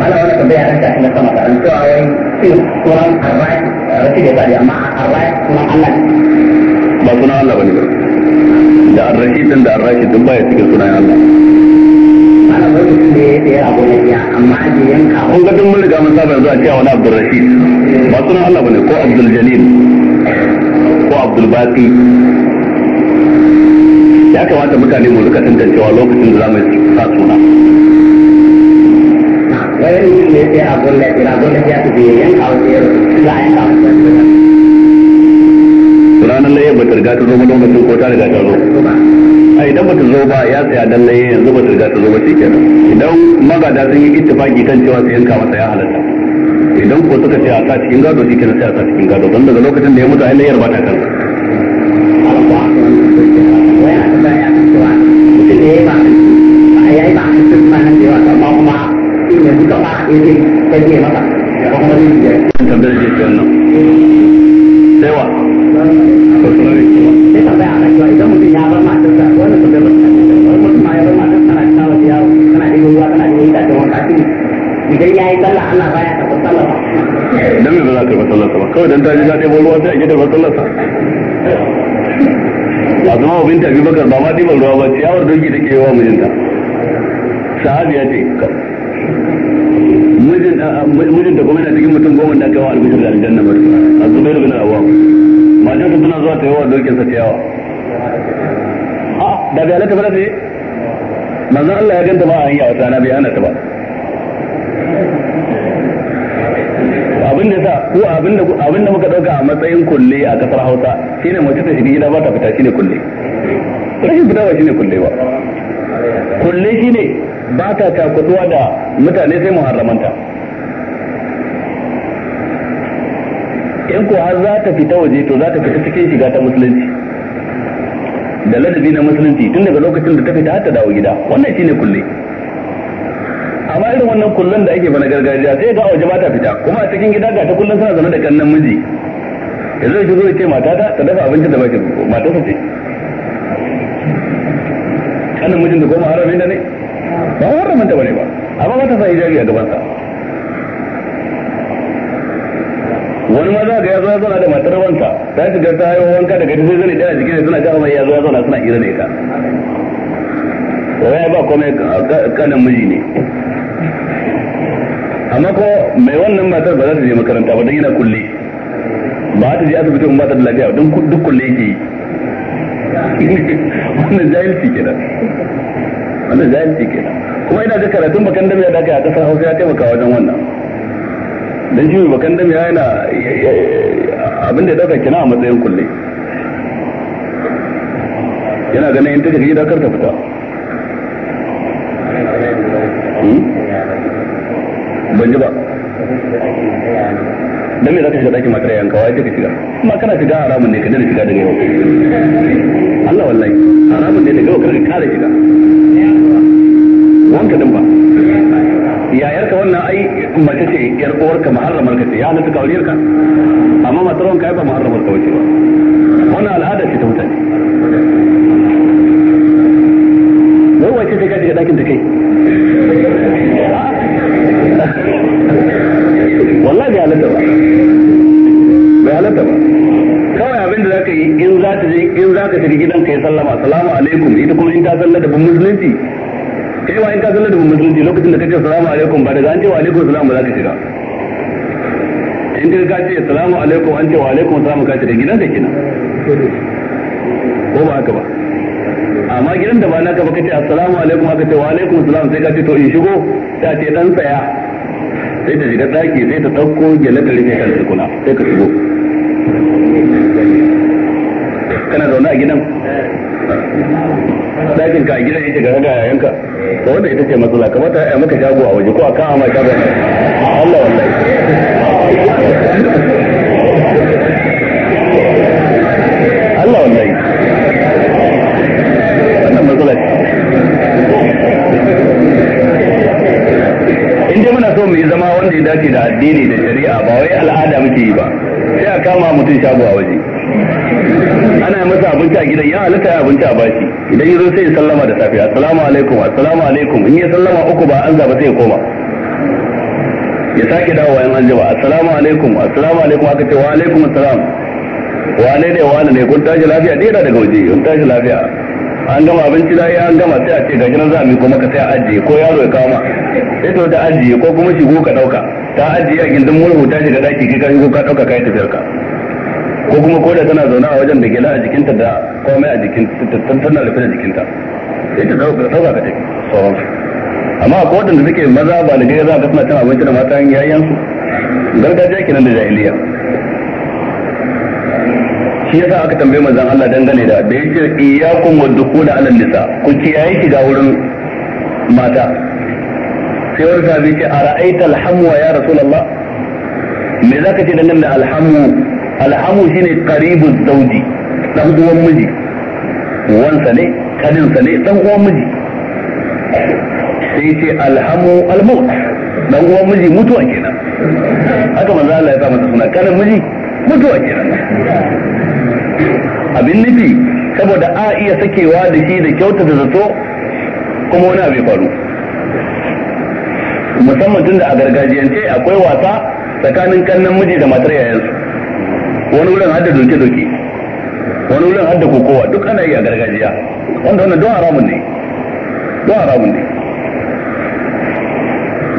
B: mana orang tambaya
A: an shafi sama da an cewa wai shin sunan arrai rashi da tsari amma
B: allah ba
A: allah ba da arrashi din da baik tiga baya allah mana wani ne da abu ya amma da yanka kun duk mun riga mun saba yanzu a cewa abdul rashid ba allah ba ko abdul jalil ko abdul baqi ya kamata mutane mu rika tantancewa lokacin da zamu mu sa suna
B: akwai rikin da yake abun kira abun da ya tafi yanka wasu yaro za a yanka wasu
A: ranar laye ba ta riga ta zo ba lokacin ko ta riga ta a zo ba ya tsaya dan laye yanzu ba ta riga ta zo ba shi kenan idan magada sun yi ittifaki kan cewa su yanka masa ya halatta idan ko suka ce a sa cikin gado shi kenan sai a sa cikin gado don daga lokacin da ya mutu ai layar ba
B: ta kansa mutum ne ya ba a mutum yanzu ka ba a ce ka ce maka ba kuma zai biya an tambayar da ke nan sai wa sai tambaya a kan cewa idan mutum ya bar matarsa wannan tambayar ba wani mutum ma ya bar matarsa tana fita ruwa idan sallah Allah baya sallah ba
A: dan me ba za ka sallah ba kawai dan ta ji ruwa sai a sallah sa wa binta ba ma ruwa ba ciyawar da ke yawa mijinta. ya ce, mijin da kuma yana cikin mutum goma da aka yawa albishir da aljanna ba a zubair bin awam matar su suna zuwa ta yawa dokin sa ta yawa a da bai halatta ba ne manzon Allah ya ganta ba a hanya wata na bai hana ta ba abin da sa ko abin da abin da muka dauka a matsayin kulle a kasar Hausa shine mace ta shiga gida ba ta fita shine kulle rashin fita ba shine kulle ba kulle shine ba ta takutuwa da mutane sai mu muharramanta in ko har za ta fita waje to za ta fita cikin shiga ta musulunci da ladabi na musulunci tun daga lokacin da ta fita har ta dawo gida wannan shine kulle amma irin wannan kullun da ake bana gargajiya sai ga waje ba ta fita kuma a cikin gida ga ta kullun suna zama da kannan miji yanzu ya zo ya ce mata ta ta dafa abinci da ba mata ta ce kannan mijin da goma haramin da ne ba haramin da bane ba amma ba ta sa hijabi a gaban wani ma za ga ya zo ya zauna da matar wanka ta shiga ta haihuwa wanka daga duk zai daya jikin suna ga mai ya zo ya zauna suna hira ne ka wai ba komai kanan miji ne amma ko mai wannan matar ba za ta je makaranta ba don yana kulle ba ta je asibiti in ba ta da lafiya don duk kulle yake
B: yi <laughs>
A: wannan jahilci kenan wannan jahilci kenan kuma ina da karatun bakan da mai daga a kasar hausa ya taimaka wajen wannan dan shi mai bakan dami yana abin da ya dauka kina a matsayin kulle yana ganin in ta tafi gida kar ta fita hmm? ban ji ba dan me zaka shiga dakin matar yanka wai take shiga kuma kana shiga haramun ne ka dana shiga daga yau Allah wallahi haramun ne ne yau ka kare shiga wanka din ba mace ce yar uwarka muharramar ka ce ya halatta ka auriyar ka amma matar wanka ba muharramar ka wace ba wannan al'ada ce ta mutane wai wace ce ka shiga dakin ta kai wallahi ya halatta ba bai halatta ba kawai abin da zaka yi in za ta je in za ka shiga gidan ka yi sallama assalamu alaikum ita kuma in ta sallata bin musulunci da in ka zalla da musulunci lokacin da kake salamu alaikum ba daga an ce wa alaikum salam ba za ka shiga in ka ka ce salamu alaikum an ce wa alaikum salam ka shiga gidan da kenan ko ba haka ba amma gidan da ba naka ba kace assalamu alaikum aka ce wa alaikum salam sai ka ce to in shigo ta ce dan tsaya sai ta shiga daki sai ta dauko gyale da rike kan tsukuna sai ka shigo kana zaune a gidan dakin ka a gidan yake ga ga yayanka ka wanda ita ce matsala kamata ta maka shago a waje ko a kama shago Allah wallahi Allah wallahi wannan matsala in dai muna so mu yi zama wanda ya dace da addini da shari'a ba wai al'ada muke yi ba sai a kama mutum shago a waje ana masa abinci a gidan ya halatta abinci a bashi idan ya zo sai ya sallama da safiya assalamu alaikum assalamu alaikum in ya sallama uku ba an zaba sai ya koma ya sake dawo in an jima assalamu alaikum assalamu alaikum aka ce wa alaikum assalam wane ne wane ne kun tashi lafiya ne da daga waje kun tashi lafiya an gama abinci da an gama sai a ce ga nan za kuma ka sai ajiye ko yaro ya kama sai to ta ajiye ko kuma shigo ka dauka ta ajiye a gindin murhu ta shiga daki kai ka shigo ka dauka kai tafiyar ka ko kuma ko da tana zaune a wajen da gela a jikinta da komai a jikin tana rufe da jikinta sai ta dauka ka ce sauransu amma a kodin da suke maza ba da gaya za a suna cin abinci da matan yayansu gargajiya kenan da jahiliya shi yasa aka tambaye manzon Allah dangane da da yace iyyakum wadkhula ala nisa ku kiyaye shiga wurin mata sai wani sahabi ce ara'aita alhamu ya rasulullah me zaka ce dangane da alhamu alhamu shine qaribu zawji dan uwan miji wansa ne kaninsa ne dan uwan miji sai ce alhamu almut dan uwan miji mutuwa kenan haka manzo Allah ya sa masa suna kanin miji mutuwa kenan abin nufi saboda a iya sakewa da shi da da zato kuma wani abu ya faru musamman tun da a gargajiyance akwai wasa tsakanin kannan miji da matar yayansu wani wurin hada doke-doke wani wurin hadda kokowa duk ana yi a gargajiya wanda wannan don haramun ne don haramun ne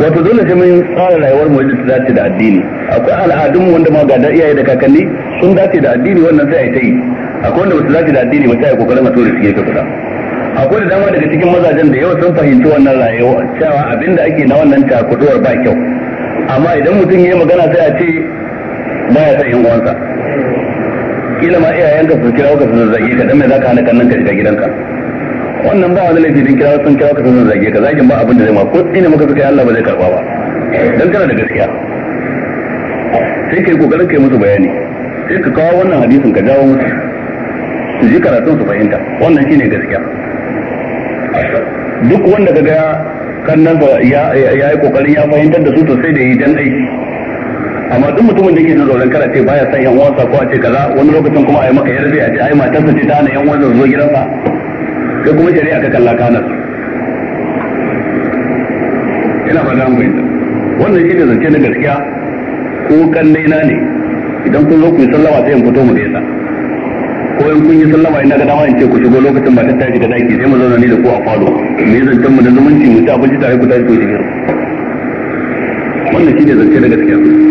A: wato dole sai mun tsara rayuwar mu wajen dace da addini akwai al'adun mu wanda ma ga iyaye da kakanni sun dace da addini wannan sai ta yi akwai wanda ba su dace da addini ba sai yi kokarin a tura su gefe guda akwai da dama daga cikin mazajen da yau sun fahimci wannan rayuwa cewa abinda ake na wannan takuduwar ba kyau amma idan mutum ya yi magana sai a ce baya sa yin uwansa kila ma iyayenka su kira ka su zazzage ka dan me zaka hana kannan ka shiga gidanka wannan ba wani laifi din kira sun kira ka sun zage ka zagin ba abin da zai ma ko tsine maka suka yi Allah ba zai karba ba dan kana da gaskiya sai kai kokarin kai musu bayani sai ka kawo wannan hadisin ka jawo musu su ji karatun su fahimta wannan shine gaskiya duk wanda ga kannan ya yi kokarin ya fahimtar da su to sai da yi dan aiki amma duk mutumin da yake jin tsoron kada ce baya san yan uwansa ko a ce kaza wani lokacin kuma a yi maka yarda a ce ai matarsa ce ta hana yan uwansa zo gidansa ga kuma shari'a ka kalla kana ina ba mu yanzu wannan shi ne zance na gaskiya ko kallai na ne idan kun zo ku yi sallama sai in fito mu da yasa ko in kun yi sallama ina ga dama in ce ku shigo lokacin ba ta tashi da daki sai mu zauna ni da ku a falo me zancen mu da zumunci mu ci abinci tare ku tashi ku shigo wannan shi ne zance na gaskiya